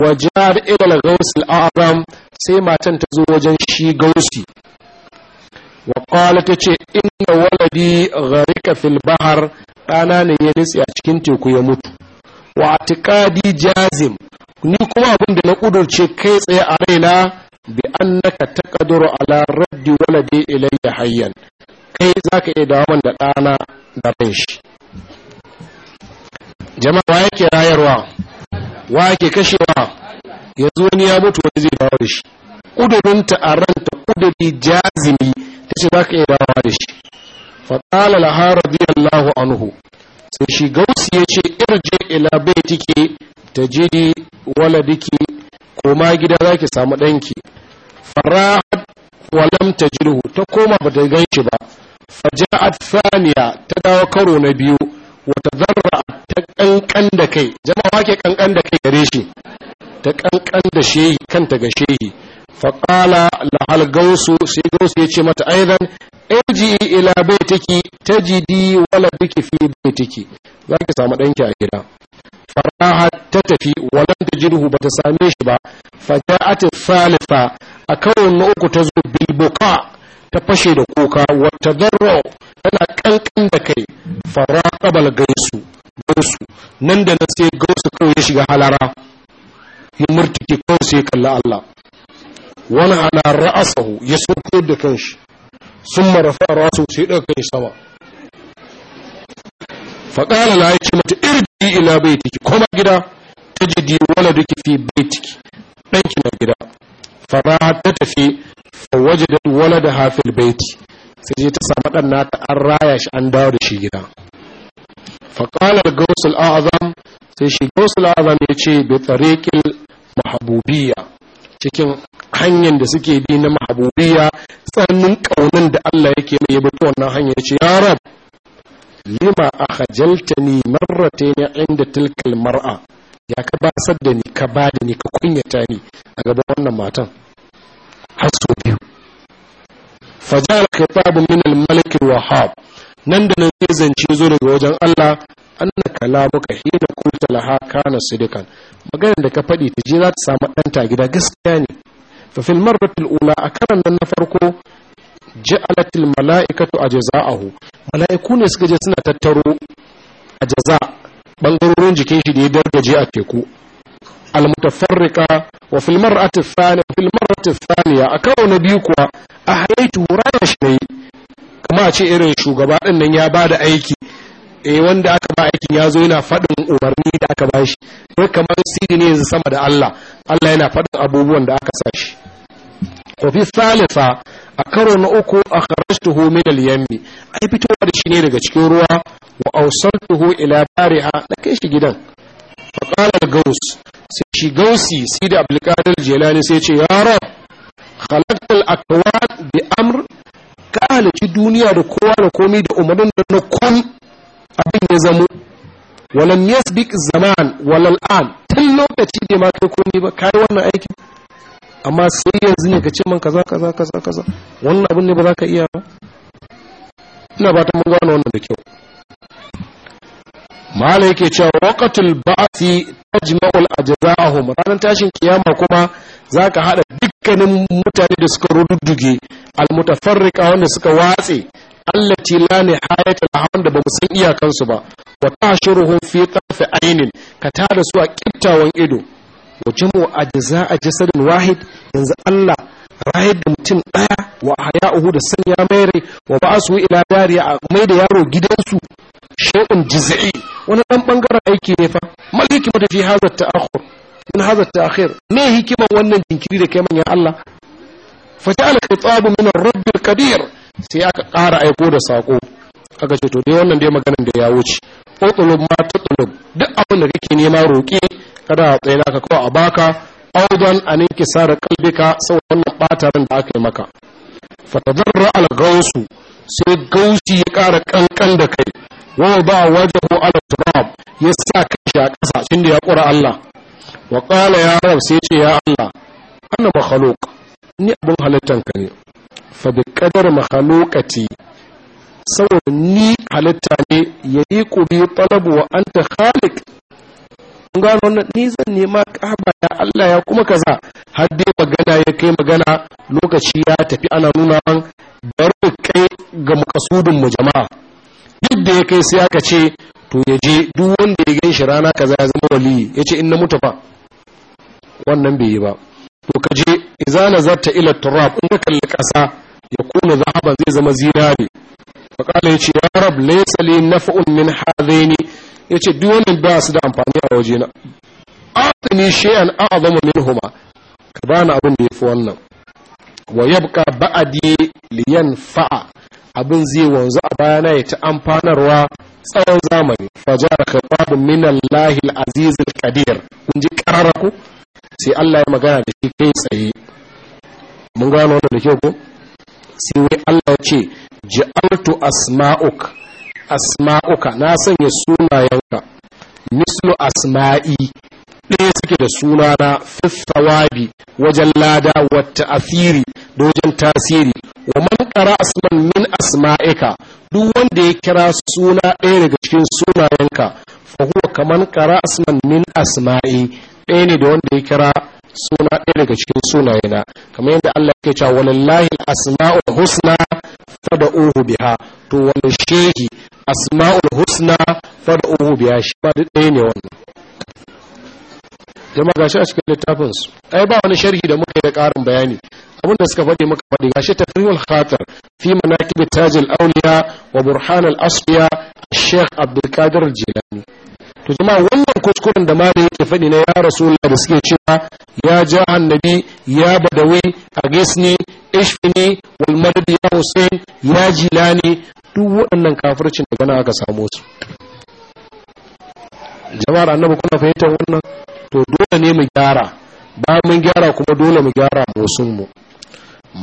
S1: waje da ilal gausil sai matan ta zo wajen shi gausi wa qala ta ce inna waladi gharika fil bahar ɗana ne ya nutse a cikin teku ya mutu wa atiqadi jazim ni kuma abin da na kudurce kai tsaye a raina bi annaka taqdiru ala raddi waladi ilayya hayyan kai za ka iya dawo da ɗana da ran shi jama'a ya ke rayarwa wa ke kashewa yanzu wani ya mutu wani zai dawo da shi ƙudurinta a ranta ƙuduri jazimi ta ce za ka iya dawo da shi faɗala laha radiyallahu anhu sai shi gausi ya ce irje ila bai tike ta jiri wala ko ma gida za ki samu ɗanki farahat walam ta jirhu ta koma ba ta gan shi ba faja'at thaniya ta dawo karo na biyu wata zarra ta kankan da kai jama'a ke kankan da kai gare shi ta kankan da shehi kanta ga shehi faƙala lahal gausu sai gausu ya ce mata aizan irji ila baitiki tajidi wala biki fi baitiki za ki samu ɗanki a gida faraha ta tafi walan ta jirhu ba ta same shi ba fata'at salifa a kawai na uku ta zo bilbuka ta fashe da kuka wata zarro tana kankan da kai fara kabal gaisu gaisu nan da na sai gaisu kawai ya shiga halara ya murtuke kawai sai kalla Allah wani ala ra'asahu ya sauko da kanshi sun marafa rasu sai ɗaga kai sama faƙala na yake mata irji ila baitiki koma gida ta jidi wala duki fi baitiki ɗanki na gida fara ta tafi wajadat da hafil baiti sai je ta samu dan nata an raya shi an dawo da shi gida fa qala al azam sai shi gaws al-a'zam ce bi tariqil mahbubiyya cikin hanyar da suke bi na Mahabubiya, tsananin ƙaunin da Allah yake mai yabo ta wannan hanya ce ya rab lima akhjaltani marratayn inda tilkal mar'a ya ka basar da ni ka da ni ka kunyata ni a gaban wannan matan har sau biyu fajar khitabun min al-malik wahab nan da nan sai zance zo daga wajen Allah anna kalamuka hina qulta laha kana sidikan maganar da ka faɗi ta je za ta samu ɗanta gida gaskiya ne fa fil marratil ula a karan nan na farko ja'alatil mala'ikatu ajza'ahu mala'iku ne suka je suna tattaro ajza bangarorin jikin shi da ya dargaje a teku المتفرقة وفي المرأة الثانية وفي المرة الثانية أكو نبيكوا أحييته رايش ني irin shugaba إرن ya ba da aiki, eh wanda aka ba aikin ya zo yana faɗin umarni da aka ba shi wai kamar siri ne yanzu sama da Allah Allah yana faɗin abubuwan da aka sa shi wafi salisa a karo na uku a kharashtuhu min al-yammi ai fitowa da shi ne daga cikin ruwa wa awsaltuhu ila bariha na kai shi gidan fa qala al-gaus sai shi gausi sai da abdulkadir jelani sai ce ya rab khalaqtal akwan bi amr ka halici duniya da kowa da komai da umarnin da na kun abin ya zamo walam yasbik zaman walal an tun lokaci da ma kai komai ba kai wannan aikin amma sai yanzu ne ka ce min kaza kaza kaza kaza wannan abin ne ba za ka iya ba ina ba ta mun gano wannan da kyau mala yake cewa waqatul ba'si tajma'ul ajza'ahum ranar tashin kiyama kuma za ka haɗa dukkanin mutane da suka rududduge almutafarrika wanda suka watse allati la ne hayata da ba mu san iyakansu ba wa tashuruhum fi tafi ainin ka da su a kiftawan ido wa ajaza a jasadin wahid yanzu Allah rayar da mutum ɗaya wa haya uhu da sanya wa ba wa ba'asu ila dariya a mai da yaro gidansu shay'un jizai wani ɗan ɓangaren aiki ne fa mal hikmatu fi ta akhir min ta akhir me hikiman wannan jinkiri da kai manyan Allah fa ja'ala tsabu min ar-rabb al-kabir sai aka ƙara aiko da sako aka ce to dai wannan dai maganan da ya wuce Ko utulub ma tutulub duk abin da kake nema roƙe kada a tsaye naka kawai a baka audan an sara kalbika sau wannan batarin da aka yi maka fatadarra al gausu sai gausi ya ƙara kankan da kai wa ba ko ala turab ya sa kai a ƙasa tun da ya kura Allah wa qala ya rab sai ce ya Allah ana makhaluk ni abin halittan ka ne fa bi qadar saboda ni halitta ne yayi qubi talabu wa anta khaliq kun gano wannan ni zan nema kaba ya Allah ya kuma kaza har dai magana ya kai magana lokaci ya tafi ana nuna an kai ga makasudin mu jama'a duk da ya kai sai aka ce to ya je duk wanda ya gan shi rana kaza ya zama wali ya ce in na mutu fa wannan bai yi ba to ka je idza nazarta ila turab in ka kalli kasa ya kuna zahaban zai zama zinari fa ya yace ya rab laysa li naf'un min hadaini ya ce duk wannan ba su da amfani a waje na atani shay'an a'zamu huma ka bani abin da yafi wannan wa yabqa ba'di liyan fa'a abin zai wanzu a bayana ya ta amfanarwa tsawon zamani fajara khabab min Allah al al kun ji kararaku sai Allah ya magana da shi kai tsaye mun gano wannan da kyau ko sai wai Allah ya ce ji'altu asma'uk asma'uka na sanya sunayenka mislu asma'i ɗaya suke da suna na fiffawabi wajen lada wata afiri da wajen tasiri wa man ƙara asman min asma'ika duk wanda ya kira suna ɗaya daga cikin sunayenka fa huwa kaman ƙara asman min asma'i ɗaya ne da wanda ya kira suna ɗaya daga cikin sunayena kamar yadda Allah yake cewa walillahi asma'ul husna fad'uhu biha to wani shehi asma'ul husna fad'uhu biya shi ba duk ɗaya ne wannan jama'a gashi a cikin littafin su ai ba wani sharhi da muka yi da ƙarin bayani abinda suka faɗi muka faɗi gashi tafrihul khatar fi manaqib tajil awliya wa burhan al asfiya الشيخ عبد القادر to jama'a wannan kuskuren da mali yake faɗi na ya rasulullah da suke cewa ya ja annabi ya badawi a gisni ishfini wal madad ya hussein ya jilani duk waɗannan kafircin da gana aka samu su jama'ar annabi kuna fahimtar wannan to dole ne mu gyara ba mun gyara kuma dole mu gyara musun mu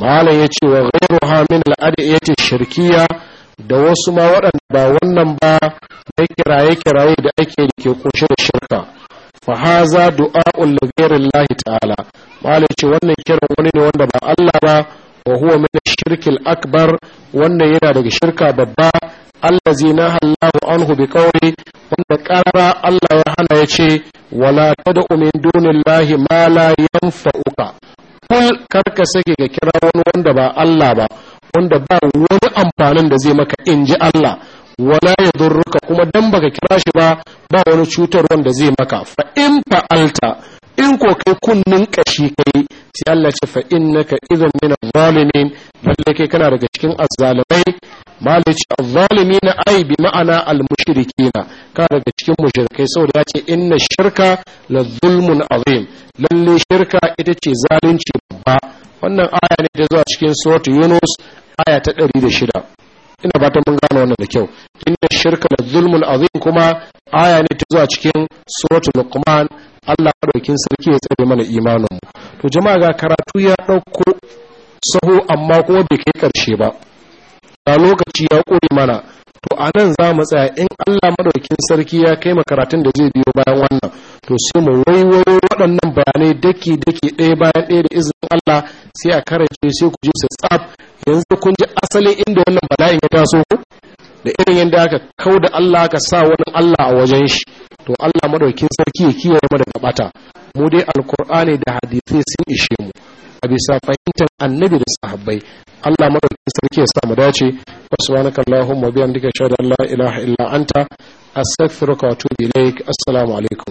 S1: malam ya ce wa ghairu hamin al'adi ya ce shirkiya da wasu ma waɗanda ba wannan ba na kiraye-kiraye da ake da ke kunshe da shirka fa haza du'a'un li ta'ala malai ce wannan kiran wani ne wanda ba Allah ba wa huwa min shirkil akbar wannan yana daga shirka babba allazi nahallahu anhu bi qawli wanda qarara Allah ya hana ya ce wala tad'u min dunillahi ma la yanfa'uka kul karka sake ga kira wani wanda ba Allah ba wanda ba wani amfanin da zai maka inji Allah wala ya durruka kuma dan baka kira shi ba ba wani cutar wanda zai maka fa in fa'alta in ko kai kunnin kashi kai sai Allah ce fa innaka idan min zalimin balle kai kana daga cikin azzalimai malai ce azzalimina ai bi ma'ana almushrikina ka daga cikin mushrikai saboda ya ce inna shirka la zulmun azim lalle shirka ita ce zalunci babba wannan aya ne da zuwa cikin suratul yunus aya ta 106 ina fatan mun gane wannan da kyau inna shirka la zulmun azim kuma aya ne ta zuwa cikin suratul luqman Allah madaukin sarki ya tsare mana imanin mu to jama'a ga karatu ya dauko saho amma kuma bai kai karshe ba Da lokaci ya kore mana to anan nan za mu tsaya in Allah madaukin sarki ya kai makaratun da zai biyo bayan wannan to sai mu waiwayo waɗannan bayanai daki daki ɗaya bayan ɗaya da izinin Allah sai a karance sai ku je su tsaf yanzu kun ji asalin inda wannan bala'in ya taso ku da irin yadda aka kau da Allah ka sa wani Allah a wajen shi to Allah madaukin sarki ya kiyaye mu daga bata mu dai alkur'ani da hadisi sun ishe mu a bisa fahimtar annabi da sahabbai Allah madaukin sarki ya sa mu dace subhanaka allahumma bihamdika shada la ilaha illa anta astaghfiruka wa atubu ilaik assalamu alaikum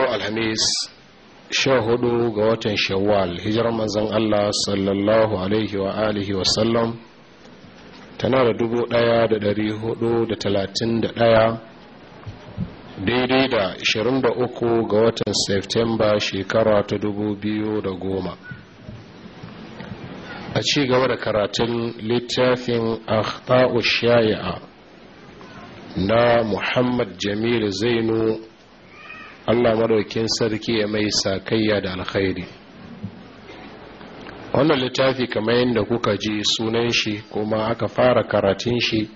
S1: yau alhamis sha hudu ga watan shawwal hijirar manzan Allah sallallahu alaihi wa alihi sallam tana da dubu daya da dari hudu da talatin da daya daidai da ashirin da uku ga watan septemba shekara ta dubu biyu da goma a ci gaba da karatun littafin akhtau na muhammad jamil zainu allah maraukin sarki ya mai sakayya da alkhairi wannan littafi kamar yadda kuka ji sunan shi kuma aka fara karatun shi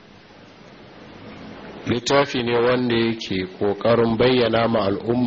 S1: littafi ne wanda yake ƙoƙarin bayyana ma al'umma